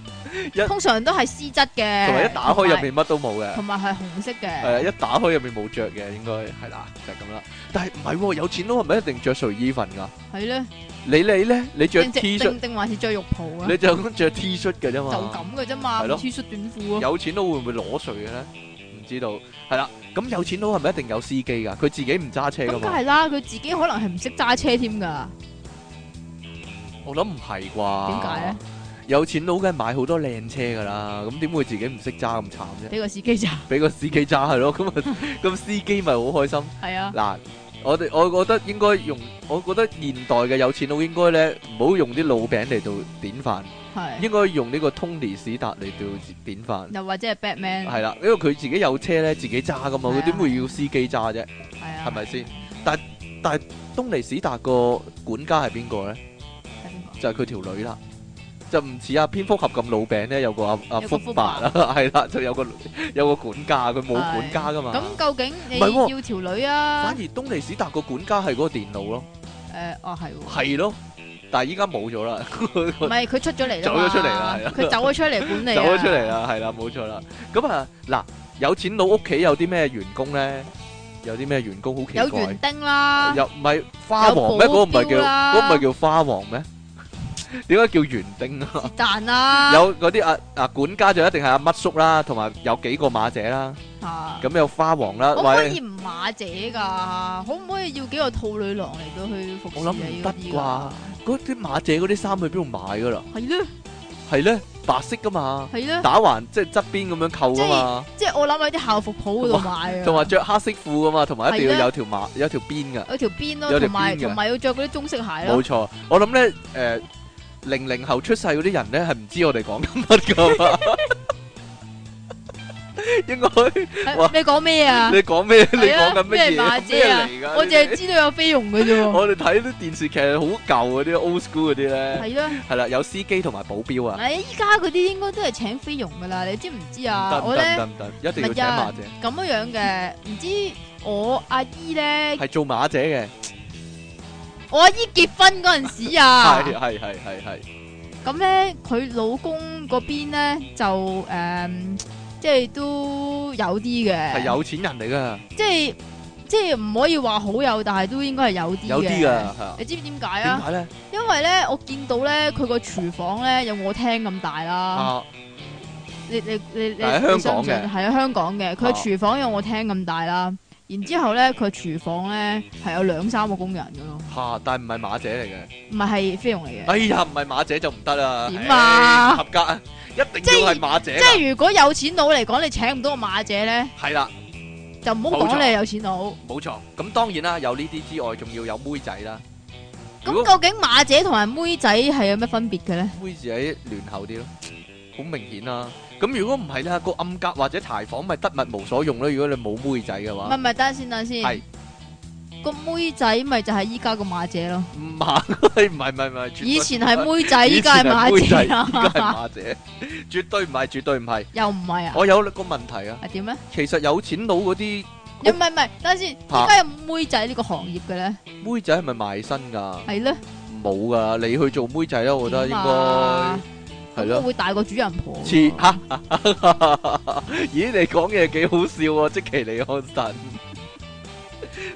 B: 通常都係絲質嘅，同埋一打開入面乜都冇嘅，同埋係紅色嘅。係啊，一
A: 打開入面冇着嘅，應該係啦，就咁啦。但係唔係喎，有錢佬係咪一定着睡衣瞓噶？係咧，你你咧，你着 T 恤
B: 定還是着浴袍啊？你就
A: 咁着 T 恤嘅啫嘛，就咁
B: 嘅啫嘛，T 恤短
A: 褲。有錢佬會唔會攞睡嘅咧？唔知道。係啦，咁有錢佬係咪一定有司機噶？佢自己唔揸車噶嘛？咁梗係
B: 啦，佢自己可能係唔識揸車添噶。
A: 我諗唔係啩？點解咧？有錢佬梗係買好多靚車㗎啦，咁點會自己唔識揸咁慘啫？俾個司機揸，俾個司機揸係咯，咁啊，咁司機咪好開心。係啊，嗱，我哋我覺得應該用，我覺得現代嘅有錢佬應該咧唔好用啲老餅嚟做典範，應該用呢個東尼史達嚟做典範。
B: 又或者係 Batman。係
A: 啦，因為佢自己有車咧，自己揸㗎嘛，佢點會要司機揸啫？係啊，係咪先？但但東尼史達個管家係邊個咧？就係佢條女啦。就唔似阿蝙蝠俠咁老餅咧，有個阿阿福伯啦，係啦，就有個有個管家，佢冇管家噶嘛。咁究
B: 竟你要條女啊？反而
A: 東尼史達個管家係嗰個電腦咯。
B: 誒，哦，係。係
A: 咯，但係依家冇咗啦。唔係
B: 佢出咗嚟，走咗出嚟啦。佢走咗出嚟，管嚟。走咗出嚟
A: 啦，係啦，冇錯啦。咁啊，嗱，有錢佬屋企有啲咩員工咧？有啲咩員工好奇怪？有園丁啦。有唔係花王咩？嗰個唔係叫嗰個唔係叫花王咩？點解叫園丁啊？有嗰啲阿阿管家就一定係阿乜叔啦，同埋有幾個馬姐啦。咁有花王啦。可唔可以唔
B: 馬姐噶？可唔可以要幾個兔女郎嚟到去服侍？我諗唔得啩。
A: 嗰啲馬姐嗰啲衫去邊度買噶啦？係咧，係咧，白色噶嘛。係咧。打橫即係側邊咁樣扣噶嘛。
B: 即係我諗喺啲校服鋪嗰度買啊。同
A: 埋着黑色褲噶嘛，同埋一定要有條馬有條邊噶。有
B: 條邊咯。有條邊。同埋要着嗰啲棕色鞋咯。冇
A: 錯，我諗咧誒。零零後出世嗰啲人咧，係唔知我哋講緊乜噶嘛？
B: 應該你講咩啊？你
A: 講咩？你講緊咩？咩馬姐啊？我淨係知道有菲傭噶啫。我哋睇啲電視劇好舊嗰啲 old school 嗰啲咧，係咯，係啦，有司機同埋保鏢啊。係
B: 啊，依家嗰啲應該都係請菲傭噶啦，你知唔知啊？我咧唔得唔得唔得，一定要請馬姐。咁樣樣嘅，唔知我阿姨咧係做
A: 馬姐嘅。
B: 我阿姨結婚嗰陣時啊，係系系系系，咁咧佢老公嗰邊咧就誒、嗯，即係都有啲嘅，係有
A: 錢人嚟噶，
B: 即係即係唔可以話好有，但係都應該係有啲嘅，有啲噶，啊、你知唔知點解啊？點解咧？因為咧，我見到咧佢個廚房咧有我廳咁大啦，啊、你你你你，你香港嘅係啊，香港嘅，佢廚房有我廳咁大啦。然之後咧，佢廚房咧係有兩三個工人噶咯。
A: 吓，但係唔係馬姐嚟嘅，
B: 唔係係菲傭嚟
A: 嘅。哎呀，唔係馬姐就唔得啦。點啊？合格啊？一定要係馬姐。即係如
B: 果有錢佬嚟講，你請唔到個馬姐咧？係啦，就唔好講你係有錢佬。
A: 冇錯，咁當然啦，有呢啲之外，仲要有妹仔啦。咁究
B: 竟馬姐同埋妹仔係有咩分別嘅咧？
A: 妹仔暖厚啲咯，好明顯啊！咁如果唔係咧，個暗格或者台房咪得物無所用咯。如果你冇妹仔嘅話，唔係唔
B: 係，等下先啦先。係個妹仔咪就係依家個馬姐咯。
A: 唔係，唔係，唔係，唔係。以前係妹仔，依家係馬姐啦。依家係馬姐，絕對唔係，絕對唔係。又唔係啊？我有個問題啊。係點咧？其實有錢佬嗰啲，
B: 唔係唔係，等下先。依家有妹仔呢個行業嘅咧？
A: 妹仔係咪賣身噶？係咧。冇噶，你去做妹仔咯，我覺得應該。
B: 都會大過主
A: 人婆。切，哈！咦，你講嘢幾好笑啊，即其尼康神。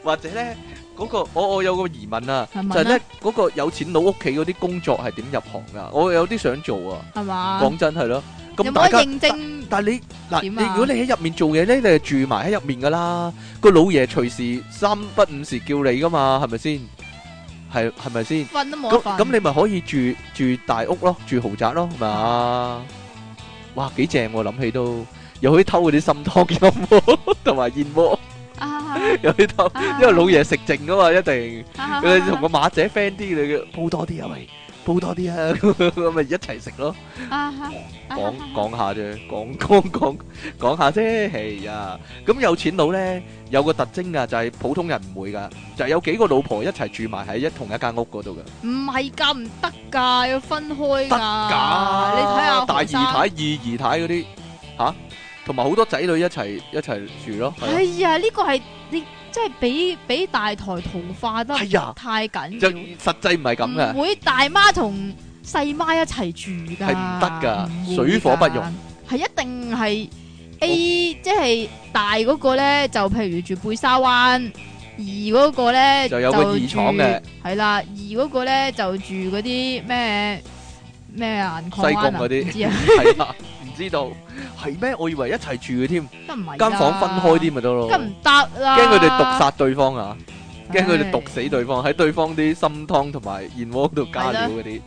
A: 或者咧，嗰個我我有個疑問啊，就係咧嗰個有錢佬屋企嗰啲工作係點入行噶？我有啲想做啊。係嘛？講真係咯。咁有冇得認證？但你嗱，你如果你喺入面做嘢咧，你係住埋喺入面噶啦。個老爺隨時三不五時叫你噶嘛，係咪先？係係咪先？
B: 咁咁你咪
A: 可以住住大屋咯，住豪宅咯，係咪啊？哇，幾正我、啊、諗起都又可以偷嗰啲心湯煙鍋同埋燕窩，
B: 可
A: 以、啊啊、 偷，啊、因為老爺食剩㗎嘛，一定你同、啊、個馬姐 friend 啲嚟嘅，煲多啲啊，咪、啊。煲多啲啊，咁 咪一齊食咯。
B: 講講
A: 下啫，講講講講下啫。係啊，咁有錢佬咧有個特徵噶、啊，就係、是、普通人唔會噶，就係、是、有幾個老婆一齊住埋喺一同一間屋嗰度噶。
B: 唔係噶，唔得噶，要分開噶。得噶的，你睇下
A: 大二太二二太嗰啲吓，同埋好多仔女一齊一齊住咯。哎呀，
B: 呢、呢個係你。即係俾俾大台同化得太緊要、哎，
A: 實際唔係咁噶。會
B: 大媽同細媽一齊住噶，係唔得噶，水火不容。係一定係 A，、哦、即係大嗰個咧，就譬如住貝沙灣；二嗰個咧，就有個二廠嘅，係啦，二嗰個咧就住嗰啲咩咩啊？西貢嗰啲，知
A: 啊？ 唔知道係咩？我以為一齊住嘅添，
B: 間房分
A: 開啲咪得咯。唔
B: 得啦！驚佢哋毒殺
A: 對方啊！驚佢哋毒死對方，喺對方啲心湯同埋燕窩度加料嗰啲，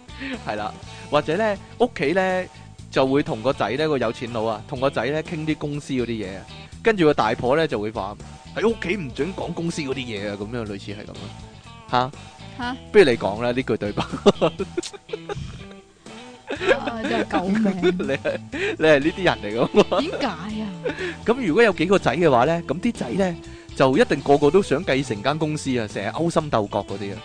A: 係啦。或者咧，屋企咧就會同個仔咧個有錢佬啊，同個仔咧傾啲公司嗰啲嘢啊。跟住個大婆咧就會話喺屋企唔准講公司嗰啲嘢啊。咁樣類似係咁啦，吓吓，不如你講啦呢句對白。真係救命， 你係你係呢啲人嚟噶？點解啊？咁 如果有幾個仔嘅話咧，咁啲仔咧就一定個個都想繼承間公司啊，成日勾心鬥角嗰啲啊，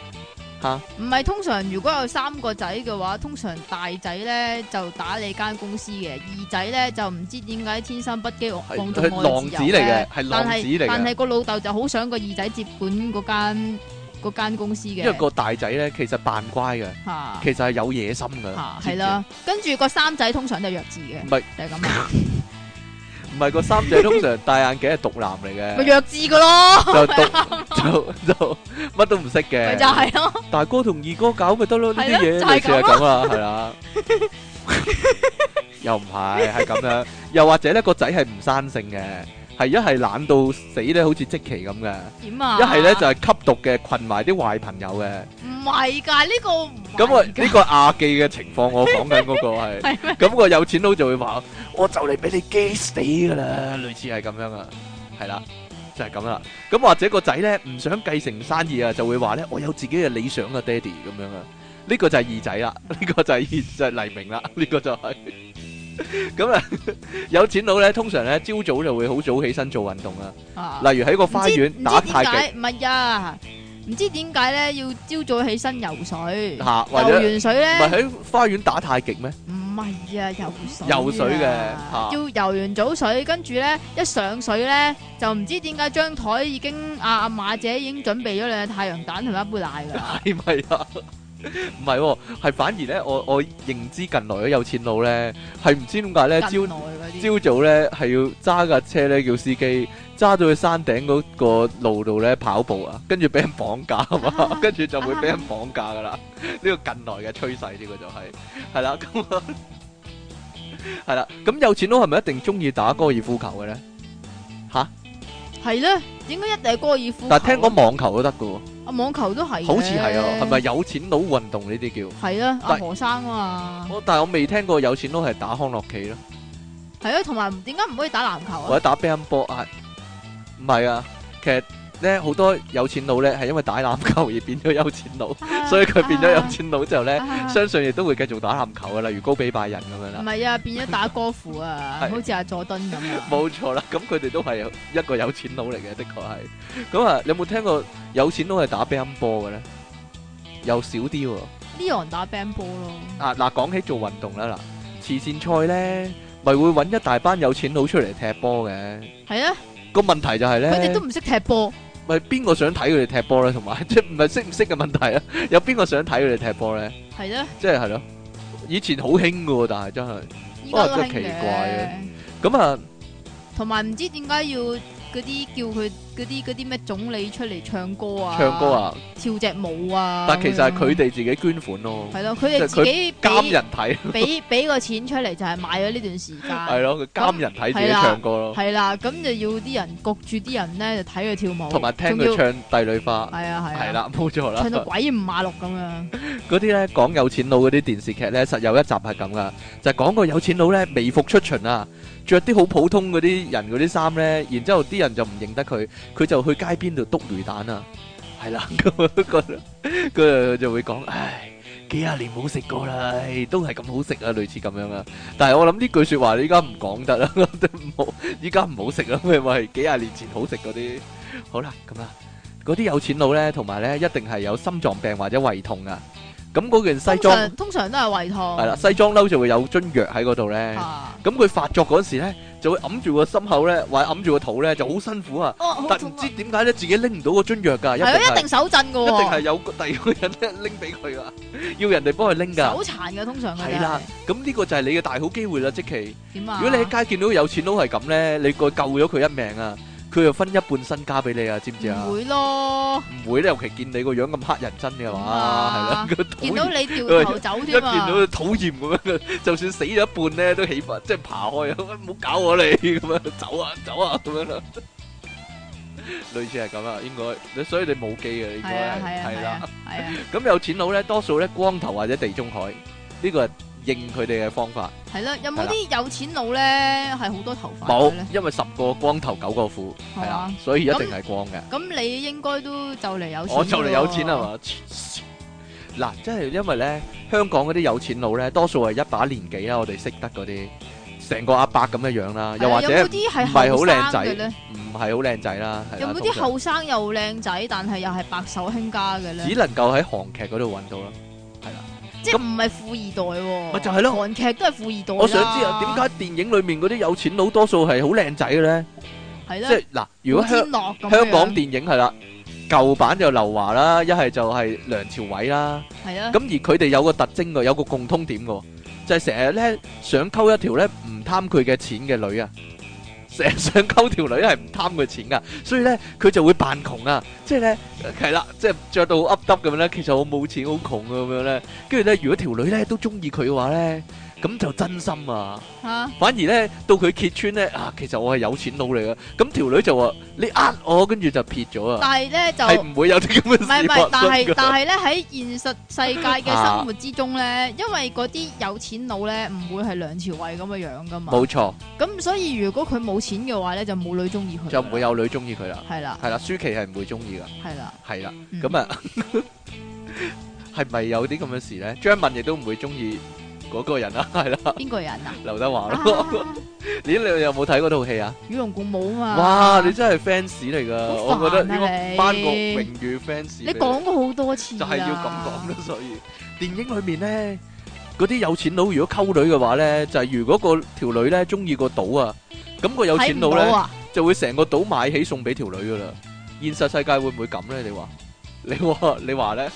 A: 吓？
B: 唔係通常如果有三個仔嘅話，通常大仔咧就打理間公司嘅，二仔咧就唔知點解天生不羈放縱我自由嘅。但係但係個老豆就好想個二仔接管嗰間。個間公司嘅，因為個
A: 大仔咧其實扮乖嘅，其實係有野心㗎，係咯。
B: 跟住個三仔通常都係弱智嘅，唔係就
A: 係咁，唔係個三仔通常戴眼鏡係毒男嚟嘅，咪弱智噶咯，就毒就就乜都唔識嘅，就係咯。大哥同二哥搞咪得咯，呢啲嘢就係咁啦，係啦，又唔係係咁樣，又或者咧個仔係唔生性嘅。係一係懶到死咧，好似積淇咁嘅。點啊！一係咧就係、是、吸毒嘅，困埋啲壞朋友嘅。
B: 唔係噶，呢、這個咁啊呢個
A: 亞記嘅情況， 我講緊嗰個係。咁 嗎個有錢佬就會話： 我就嚟俾你激死噶啦，類似係咁樣啊。係啦，就係咁啦。咁或者個仔咧唔想繼承生意啊，就會話咧：我有自己嘅理想啊，爹哋咁樣啊。呢、這個就係二仔啦，呢、這個就係就黎明啦，呢個就係、是。就是咁啊，有錢佬咧，通常咧朝早就會好早起身做運動啊，例如喺個花園打太極。
B: 唔係啊，唔知點解咧要朝早起身游水，游完
A: 水咧，唔係喺花園打太極咩？
B: 唔係啊，游水游水嘅，要游完早水，跟住咧一上水咧，就唔知點解張台已經阿阿馬姐已經準備咗兩隻太陽蛋同一杯奶啦。
A: 係咪啊？唔係，係反而咧，我我認知近來嘅有錢佬咧係唔知點解咧朝朝早咧係要揸架車咧叫司機揸到去山頂嗰個路度咧跑步啊，跟住俾人綁架啊嘛，跟住就會俾人綁架噶啦。呢個近來嘅趨勢呢個就係係啦，咁係啦，咁有錢佬係咪一定中意打高爾夫球嘅咧？吓，
B: 係咧，點解一定係高爾夫球，但係聽講
A: 網球都得噶。
B: 網球都係，好似係啊，係咪
A: 有錢佬運動呢啲叫？係
B: 啊，阿 些叫、啊、何生啊嘛。我
A: 但係我未聽過有錢佬係打康樂棋咯。
B: 係啊，同埋點解唔可以打籃球啊？或
A: 者打乒乓波啊？唔係啊，其實。咧好多有錢佬咧，係因為打籃球而變咗有錢佬，所以佢變咗有錢佬之後咧，相信亦都會繼續打籃球嘅啦，如高比拜仁咁樣啦。
B: 唔係啊，變咗打 golf 啊，好似阿佐敦咁樣
A: 啊。冇錯啦，咁佢哋都係一個有錢佬嚟嘅，的確係。咁啊，有冇聽過有錢佬係打乒乓波嘅咧？又少啲喎。
B: 啲人打乒
A: 乓波咯。啊嗱，講起做運動啦嗱，慈善賽咧，咪會揾一大班有錢佬出嚟踢波嘅。係啊。個問題就係咧。佢哋都唔識踢波。咪邊個想睇佢哋踢波咧？同埋即係唔係識唔識嘅問題咧？ 有邊個想睇佢哋踢波咧？係咯的，即係係咯，以前好興㗎喎，但係真係，不過奇怪嘅。咁有啊，
B: 同埋唔知點解要？嗰啲叫佢嗰啲啲咩總理出嚟唱歌啊，唱歌啊，跳隻舞啊。但其實係佢哋
A: 自己捐款咯。係咯，佢哋自己監人睇，俾
B: 俾個錢出嚟就係買咗呢段時間。係
A: 咯，佢監人睇自己唱歌咯。係
B: 啦，咁就要啲人焗住啲人咧，就睇佢跳舞，同埋聽佢唱
A: 《帝女花》。係啊係啊，係啦冇錯啦，唱到鬼
B: 唔馬六咁樣。
A: 嗰啲咧講有錢佬嗰啲電視劇咧，實有一集係咁噶，就係講個有錢佬咧未復出巡啊。着啲好普通嗰啲人嗰啲衫呢，然之後啲人就唔認得佢，佢就去街邊度篤魚蛋啊，係啦，咁覺得，佢就會講：唉，幾廿年冇食過啦，都係咁好食啊，類似咁樣啊。但係我諗呢句説話你，依家唔講得啦，都唔好，依家唔好食啊，因為幾廿年前好食嗰啲。好啦，咁啊，嗰啲有錢佬呢，同埋呢，一定係有心臟病或者胃痛啊。咁嗰件西裝
B: 通常都係胃痛。係啦，西
A: 裝褸就會有樽藥喺嗰度咧。咁佢發作嗰時咧，就會揞住個心口咧，或揞住個肚咧，就好辛苦啊。但唔知點解咧，自己拎唔到個樽藥噶。係啊，一定手震噶。一定係有第二個人拎俾佢啊，要人哋幫佢拎噶。手
B: 殘噶，通常佢哋。係啦，
A: 咁呢個就係你嘅大好機會啦，積淇。點啊？如果你喺街見到有錢佬係咁咧，你個救咗佢一命啊！佢又分一半身家俾你啊？知唔知啊？唔會
B: 咯，
A: 唔會咧，尤其見你個樣咁黑人憎嘅話，
B: 係啦，見到你掉頭走啫嘛，見到你
A: 討厭咁樣，就算死咗一半咧都起碼，即係爬開啊！唔好搞我，你咁樣，走啊走啊咁樣啦。類似係咁啊，應該，所以你冇機嘅應該係係啦，係啊。咁有錢佬咧，多數咧光頭或者地中海呢個。應佢哋嘅方法
B: 係啦，有冇啲，有，有錢佬咧？係好啦多頭髮冇，
A: 因為十個光頭九個富，係啊，所以一定係光嘅。
B: 咁你應該都就嚟有錢，我就嚟有錢係嘛？
A: 嗱， 即係因為咧，香港嗰啲有錢佬咧，多數係一把年紀啦，我哋識得嗰啲，成個阿伯咁嘅樣啦。啦又或者有冇啲係唔係好靚仔咧？唔係好靚仔啦。啦有冇啲後
B: 生又靚仔，但係又係白手興家嘅咧？只
A: 能夠喺韓劇嗰度揾到啦。
B: 咁唔係富二代喎，就係囉，韓劇都係富二代。我想知啊，
A: 點解電影裏面嗰啲有錢佬多數係好靚仔嘅咧？
B: 係啦，即係嗱，如果香香港
A: 電影係啦，舊版就劉華啦，一係就係梁朝偉啦。係啊，咁而佢哋有個特徵㗎，有個共通點㗎，就係成日咧想溝一條咧唔貪佢嘅錢嘅女啊。成日 想溝條女，係唔貪佢錢㗎，所以咧佢就會扮窮啊，即係咧係啦，即係着到噏耷咁樣咧，其實我冇錢好窮啊咁樣咧，跟住咧如果條女咧都中意佢嘅話咧。咁就真心啊！反而咧，到佢揭穿咧，啊，其實我係有錢佬嚟噶。咁條女就話你呃我，跟住就撇咗啊！但係咧就係唔會有啲咁嘅事，唔係唔係，但係但係
B: 咧喺現實世界嘅生活之中咧，因為嗰啲有錢佬咧唔會係梁朝偉咁嘅樣噶嘛。冇錯。咁所以如果佢冇錢嘅話咧，就冇女中意佢。就唔會
A: 有女中意佢啦。係啦，係啦，舒淇係唔會中意噶。係啦，係啦，咁啊，係咪有啲咁嘅事咧？張敏亦都唔會中意。嗰個人啊，係啦，邊個人啊？劉德華咯。你你有冇睇嗰套戲啊？《與龍共舞》啊嘛。哇！你真係 fans 嚟㗎，我覺得。應該。頒個榮譽 fans。你講過好多次。就係要咁講啦，所以電影裏面咧，嗰啲有錢佬如果溝女嘅話咧，就係如果個條女咧中意個島啊，咁個有錢佬咧就會成個島買起送俾條女㗎啦。現實世界會唔會咁咧？你話，你你話咧？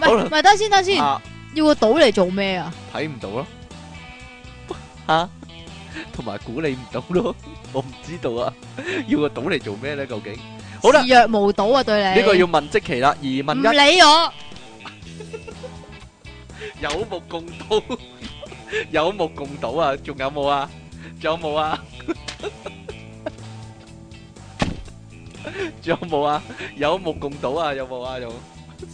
A: 好，喂等先，等先。
B: 要個島嚟做咩啊？
A: 睇唔到咯，吓，同埋估你唔到咯，我唔知道啊。要個島嚟做咩咧？究竟？
B: 好啦，若無睹啊，對你呢個要
A: 問積淇啦，疑問一，唔理我，有目共睹，有目共睹啊！仲有冇啊？仲有冇啊？仲有冇啊？有目共睹啊！有冇啊？有。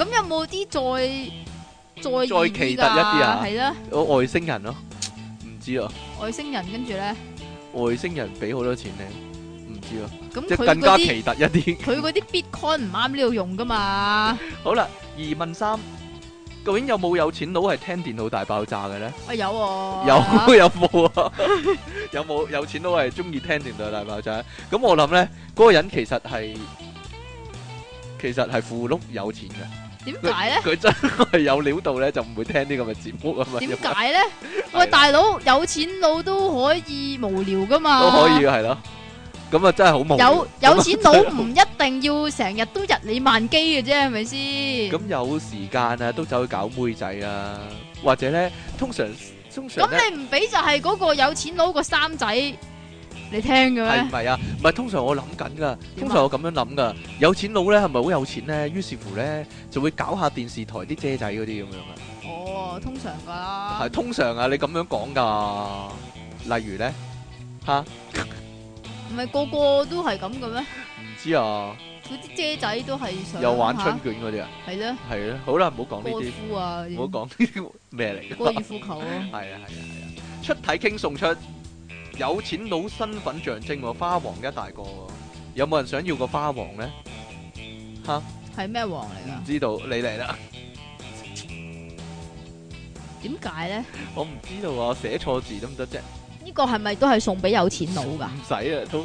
B: 咁有冇啲再再奇特一啲啊？係啦，
A: 有外星人咯，唔知啊。
B: 外星人跟住咧，
A: 外星人俾好多錢咧，唔知啊。咁即係更加奇特一啲。佢
B: 嗰啲 Bitcoin 唔啱呢度用噶嘛？
A: 好啦，疑問三，究竟有冇有錢佬係聽電腦大爆炸嘅咧？
B: 啊有，
A: 有有冇啊？有冇有錢佬係中意聽電腦大爆炸？咁我諗咧，嗰個人其實係其實係富碌有錢嘅。點解咧？佢真係有料到咧，就唔會聽啲咁嘅節目啊嘛！點解
B: 咧？喂，大佬，有錢佬都可以無聊噶嘛？都可以
A: 係咯，咁啊真係好無聊。有有錢佬唔一
B: 定要成日都日理萬機嘅啫，係咪先？
A: 咁有時間啊，都走去搞妹仔啊，或者咧，通常通常咁你
B: 唔俾就係嗰個有錢佬個三仔。你聽嘅
A: 咩？係唔係啊？唔係通常我諗緊㗎。通常我咁樣諗㗎。有錢佬咧係咪好有錢咧？於是乎咧就會搞下電視台啲姐仔嗰啲咁樣嘅。哦，
B: 通常㗎
A: 啦。係通常啊，你咁樣講㗎。例如咧，嚇，
B: 唔係個個都係咁嘅咩？
A: 唔知啊。嗰
B: 啲姐仔都係想。有玩春卷
A: 嗰啲啊？係咯。係咯。好啦，唔好講呢啲。高爾夫啊！唔好講呢啲咩嚟？高爾夫球咯。係啊係啊係啊！出體傾送出。有錢佬身份象徵喎，花王一大個，有冇人想要個花王咧？嚇，
B: 係咩王嚟噶？唔
A: 知道，你嚟啦？
B: 點解咧？
A: 我唔知道喎，寫錯字得唔得啫？
B: 呢個係咪都係送俾有錢佬
A: 㗎？唔使啊，都。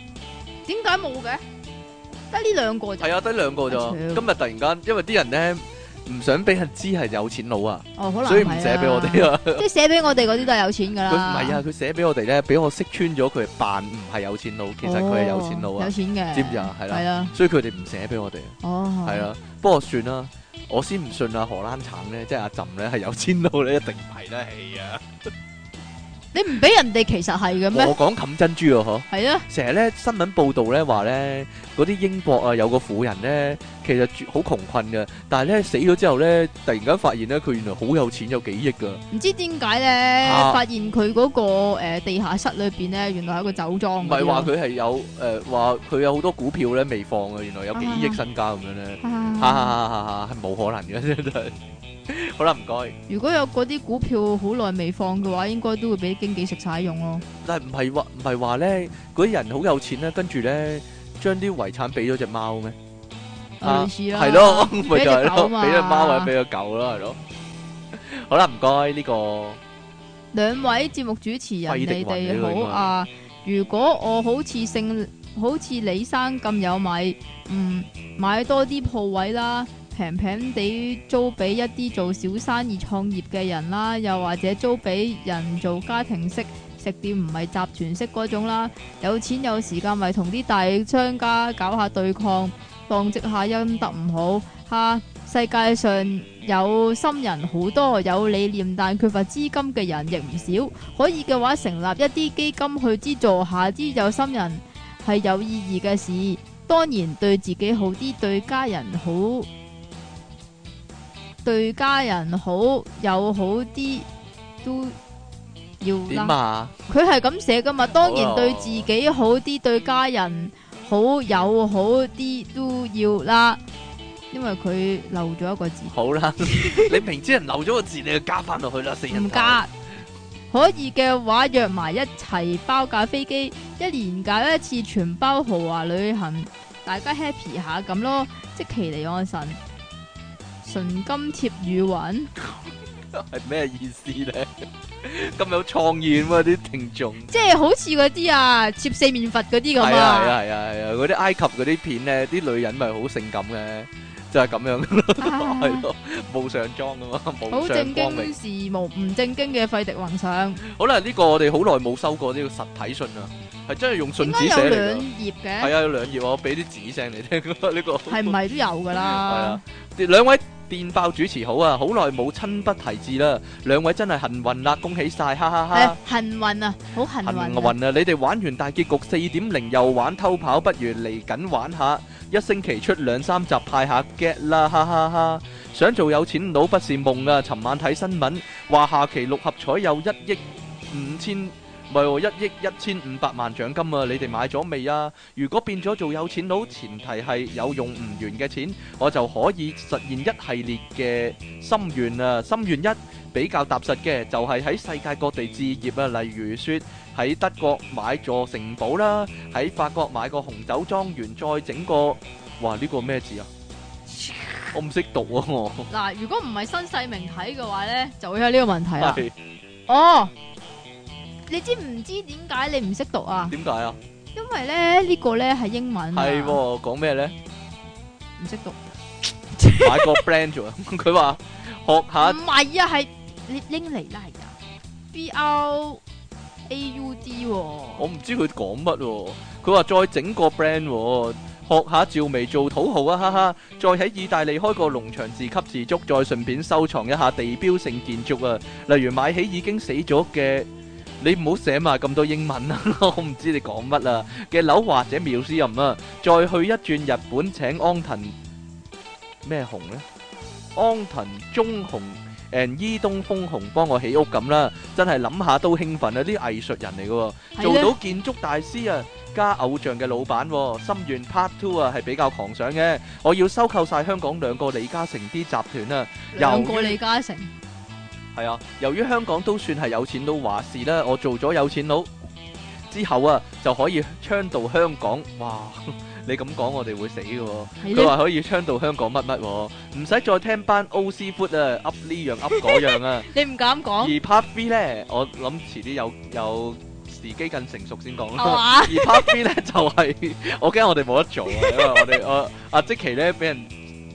B: 點解冇嘅？得呢兩個就係啊，得
A: 兩個咋？今日突然間，因為啲人咧唔想俾人知係有錢佬啊，
B: 哦，所以唔寫俾我
A: 哋啊。即係
B: 寫俾我哋嗰啲都係有錢噶啦。佢唔係啊，
A: 佢寫俾我哋咧，俾我識穿咗佢扮唔係有錢佬，其實佢係有錢佬啊，有錢嘅，知唔知啊？係啦， 的所以佢哋唔寫俾我哋。哦，係啦，不過算啦，我先唔信啊，荷蘭橙咧，即係阿浸咧係有錢佬咧，一定唔排得起啊。
B: 你唔俾人哋，其實係嘅咩？我講
A: 冚珍珠啊，嗬呢！係啊，成日咧新聞報道咧話咧，嗰啲英國啊有個婦人咧，其實好窮困嘅，但係咧死咗之後咧，突然間發現咧佢原來好有錢，有幾億噶。唔
B: 知點解咧，啊、發現佢嗰、那個、呃、地下室裏邊咧，原來係一個酒莊。唔係話佢
A: 係有誒話佢有好多股票咧未放啊，原來有幾億身家咁樣咧，係冇可能嘅。 好啦，唔該。
B: 如果有嗰啲股票好耐未放嘅話，應該都會俾經紀食晒用咯。
A: 但係唔係話唔係話咧，嗰啲人好有錢咧，跟住咧將啲遺產俾咗隻貓咩？類似啦，係咯，咪就係咯，俾隻貓或者俾個狗啦，係咯。好啦，唔該呢個
B: 兩位節目主持人，你哋好啊。如果我好似姓好似李生咁有米，嗯，買多啲鋪位啦。平平地租俾一啲做小生意創業嘅人啦，又或者租俾人做家庭式食店，唔係集團式嗰種啦。有錢有時間，咪同啲大商家搞下對抗，放積下音得唔好吓，啊。世界上有心人好多，有理念但缺乏資金嘅人亦唔少，可以嘅話成立一啲基金去資助下啲有心人，係有意義嘅事。當然對自己好啲，對家人好。對家人好，友好啲都要啦。佢係咁寫噶嘛， 當然對自己好啲，對家人好，友好啲都要啦。因為佢漏咗一個字。
A: 好啦， 你明知人漏咗個字，你就加翻落去啦，四日唔加。
B: 嫁 可以嘅話，約埋一齊包架飛機，一年搞一次全包豪華旅行，大家 happy 下咁咯，積淇離岸神。純金貼語韻
A: 係咩意思咧？咁有創意喎啲聽眾，
B: 即係好似嗰啲啊，貼四面佛嗰啲咁啊，係啊係啊
A: 係啊，嗰啲埃及嗰啲片咧，啲女人咪好性感嘅，就係咁樣咯，係咯，冇上妝噶嘛，冇上妝。好正經是
B: 無唔正經嘅費迪混上。
A: 好啦，呢個我哋好耐冇收過呢個實體信啦，係真係用信紙寫嚟嘅。係啊，有兩頁，我俾啲紙聲你聽咯。呢個係咪都有噶啦？兩位電爆主持好啊！好耐冇親筆題字啦，兩位真係幸運啦，恭喜晒！哈哈哈，哈、
B: 啊！幸運啊，好幸運、啊、幸運
A: 啊！你哋玩完大結局四點零又玩偷跑，不如嚟緊玩下，一星期出兩三集派下 get 啦，哈，哈哈哈！想做有錢佬不是夢啊！尋晚睇新聞話下期六合彩有一億五千。唔係喎，一億一千五百萬獎金啊！你哋買咗未啊？如果變咗做有錢佬，前提係有用唔完嘅錢，我就可以實現一系列嘅心願啊！心願一，比較踏實嘅，就係、是、喺世界各地置業啊，例如説喺德國買座城堡啦、啊，喺法國買個紅酒莊園，再整個哇呢、這個咩字啊？嘯我唔識讀啊！我、哦、
B: 嗱，如果唔係新世名體嘅話呢，就會有呢個
A: 問題啦。哦是。
B: Oh 你知唔知點解你唔識讀啊？點解啊？因為咧呢個咧係英文。係喎，講咩咧？唔識
A: 讀。買個 brand 做啊，佢話學下。
B: 唔係啊，係拎嚟啦，係啊。B O A U D。我
A: 唔知佢講乜，佢話再整個 brand，學下趙薇做土豪啊，哈哈！再喺意大利開個農場自給自足，再順便收藏一下地標性建築啊，例如買起已經死咗嘅。你唔好寫埋咁多英文啊！我唔知你講乜啊。嘅樓或者妙思任啊，再去一轉日本請安藤咩雄呢？安藤忠雄 and 伊東豐雄幫我起屋咁啦，真係諗下都興奮啊！啲藝術人嚟嘅喎，做到建築大師啊，加偶像嘅老闆，心願 part two 啊，係比較狂想嘅。我要收購晒香港兩個李嘉誠啲集團啊，兩個
B: 李嘉誠。
A: 係啊，由於香港都算係有錢佬話事啦，我做咗有錢佬之後啊，就可以倡導香港。哇，你咁講我哋會死嘅、啊。佢話的可以倡導香港乜乜，唔使再聽班 O c f o 傅啊噏呢樣噏嗰樣啊。你唔敢講。而 part B 咧，我諗遲啲有有時機更成熟先講、啊、 而 part B 咧就係、是，我驚我哋冇得做啊，因為我哋我阿、啊、積淇咧俾人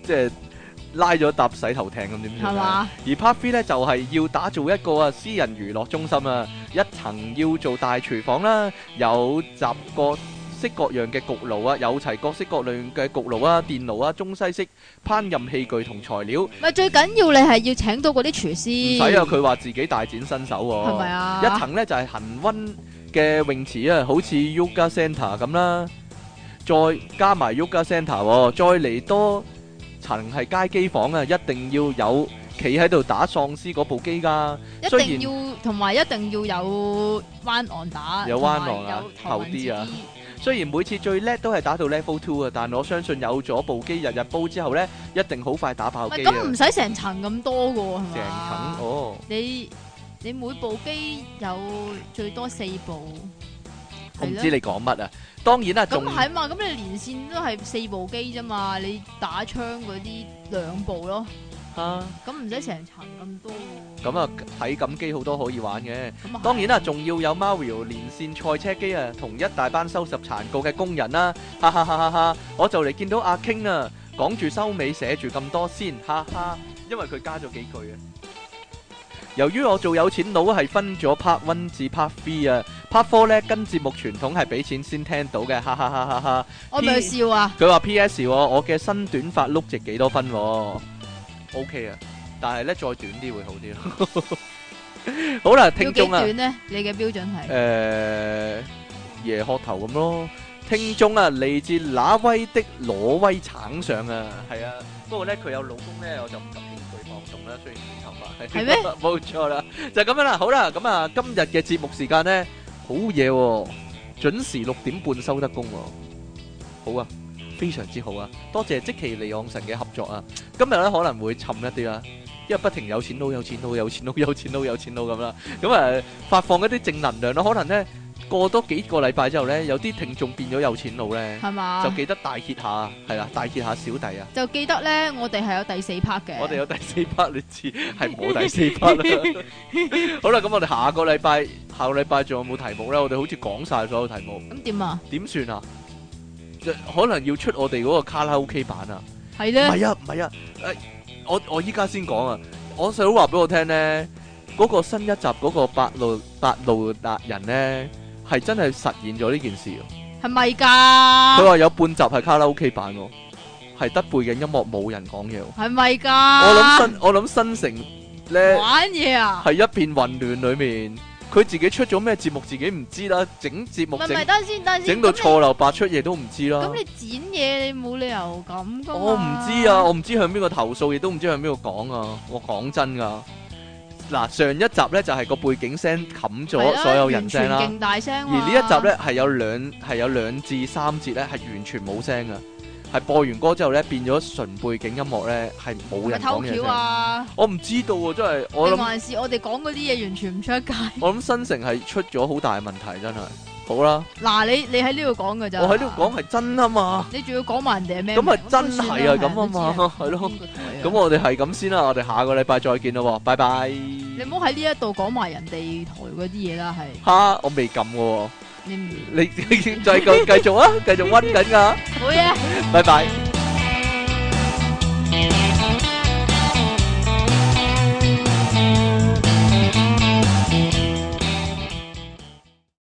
A: 即係。拉咗搭洗頭艇咁點算啊？而 part three 咧就係要打造一個啊私人娛樂中心啊！一層要做大廚房啦，有各式各樣嘅焗爐啊，有齊各式各類嘅焗爐啊、電爐啊，中西式烹飪器具同材料。
B: 咪最緊要你係要請到嗰啲廚師。唔使啊！佢
A: 話自己大展身手喎。係咪啊？一層咧就係恆溫嘅泳池啊，好似 Yoga Center 咁啦，再加埋 Yoga Center 喎，再嚟多。層係街機房啊，一定要有企喺度打喪屍嗰部機噶，一定要
B: 同埋一定要有彎岸打，有彎岸啊，厚啲啊。
A: 雖然每次最叻都係打到 level two 啊，但我相信有咗部機日日煲之後呢，一定好快打爆。咁唔使成
B: 層咁多噶，成層哦。你你每部機有最多四部。我唔知你
A: 講乜啊！當然啦、啊，咁係更
B: 嘛，咁你連線都係四部機啫嘛，你打槍嗰啲兩部咯，吓哈，咁唔使成層咁多。
A: 咁啊，體、嗯、感機好多可以玩嘅，嗯、當然啦、啊，仲的要有 Mario 連線賽車機啊，同一大班收拾殘局嘅工人啦、啊，哈哈哈哈！哈，我就嚟見到阿 King 啊，講住收尾，寫住咁多先，哈哈，因為佢加咗幾句啊。由於我做有錢佬係分咗 part one 至 part three 啊，part four 咧跟節目傳統係俾錢先聽到嘅，哈哈哈！哈哈！我咪笑啊！佢話 P.S. 我嘅新短髮 look 值幾多分？OK 啊，但係咧再短啲會好啲咯。好啦，聽眾啊，要幾短咧？
B: 你嘅標準係
A: 誒椰殼頭咁咯。聽眾啊，嚟自挪威的挪威橙上啊？係啊，不過咧佢有老公咧，我就唔敢。動啦，雖然頭髮係咩，冇錯啦，就咁樣啦，好啦，咁啊，今日嘅節目時間咧好嘢，準時六點半收得工，好啊，非常之好啊，多謝積淇離岸神嘅合作啊，今日咧可能會沉一啲啦，因為不停有錢佬、有錢佬、有錢佬、有錢佬、有錢佬咁啦，咁啊發放一啲正能量啦，可能咧。過多幾個禮拜之後咧，有啲聽眾變咗有錢佬咧，係嘛吧？就記得大揭下，係啊，大揭下小弟啊。
B: 就記得咧，我哋係有第四 part 嘅。我
A: 哋有第四 part，你知係冇第四 part 啦。 好啦，咁我哋下個禮拜，下個禮拜仲有冇題目咧？我哋好似講晒所有題目。咁點啊？點算啊？可能要出我哋嗰個卡拉 OK 版呢啊。
B: 係咧。係啊，
A: 唔係啊。誒，我我依家先講啊。我細佬話俾我聽咧、啊，嗰、那個新一集嗰個八路八路達人咧。係真係實現咗呢件事啊，
B: 係咪噶？佢話
A: 有半集係卡拉 OK 版，係得背景音樂冇人講嘢，係
B: 咪噶？我諗新，
A: 我諗新城咧玩嘢啊，係一片混亂裏面，佢自己出咗咩節目自己唔知啦，整節目
B: 整到錯漏
A: 百出，嘢都唔知啦。咁你，你
B: 剪嘢你冇理由咁噶。我唔知啊，
A: 我唔知向邊個投訴，亦都唔知向邊度講啊。我講真噶啊。嗱，上一集咧就係、是、個背景聲冚咗所有人聲啦，
B: 大聲啊、而呢一集咧
A: 係有兩係有兩至三節咧係完全冇聲嘅，係播完歌之後咧變咗純背景音樂咧係冇人講嘢、啊、我唔知道喎、啊，真、就、係、是、我，定還
B: 是我哋講嗰啲嘢完全唔出街。
A: 我諗新城係出咗好大問題，真係。好啦，
B: 嗱你你喺呢度講㗎咋，我喺
A: 呢度講係真啊嘛，
B: 你仲要講埋人哋係咩？咁啊
A: 真係啊咁啊嘛，係咯，咁我哋係咁先啦，我哋下個禮拜再見咯，拜拜。
B: 你唔好喺呢一度講埋人哋台嗰啲嘢啦，係。
A: 吓，我未咁嘅。你你你再繼繼續啊，繼續溫緊啊。好
B: 嘅，
A: 拜拜。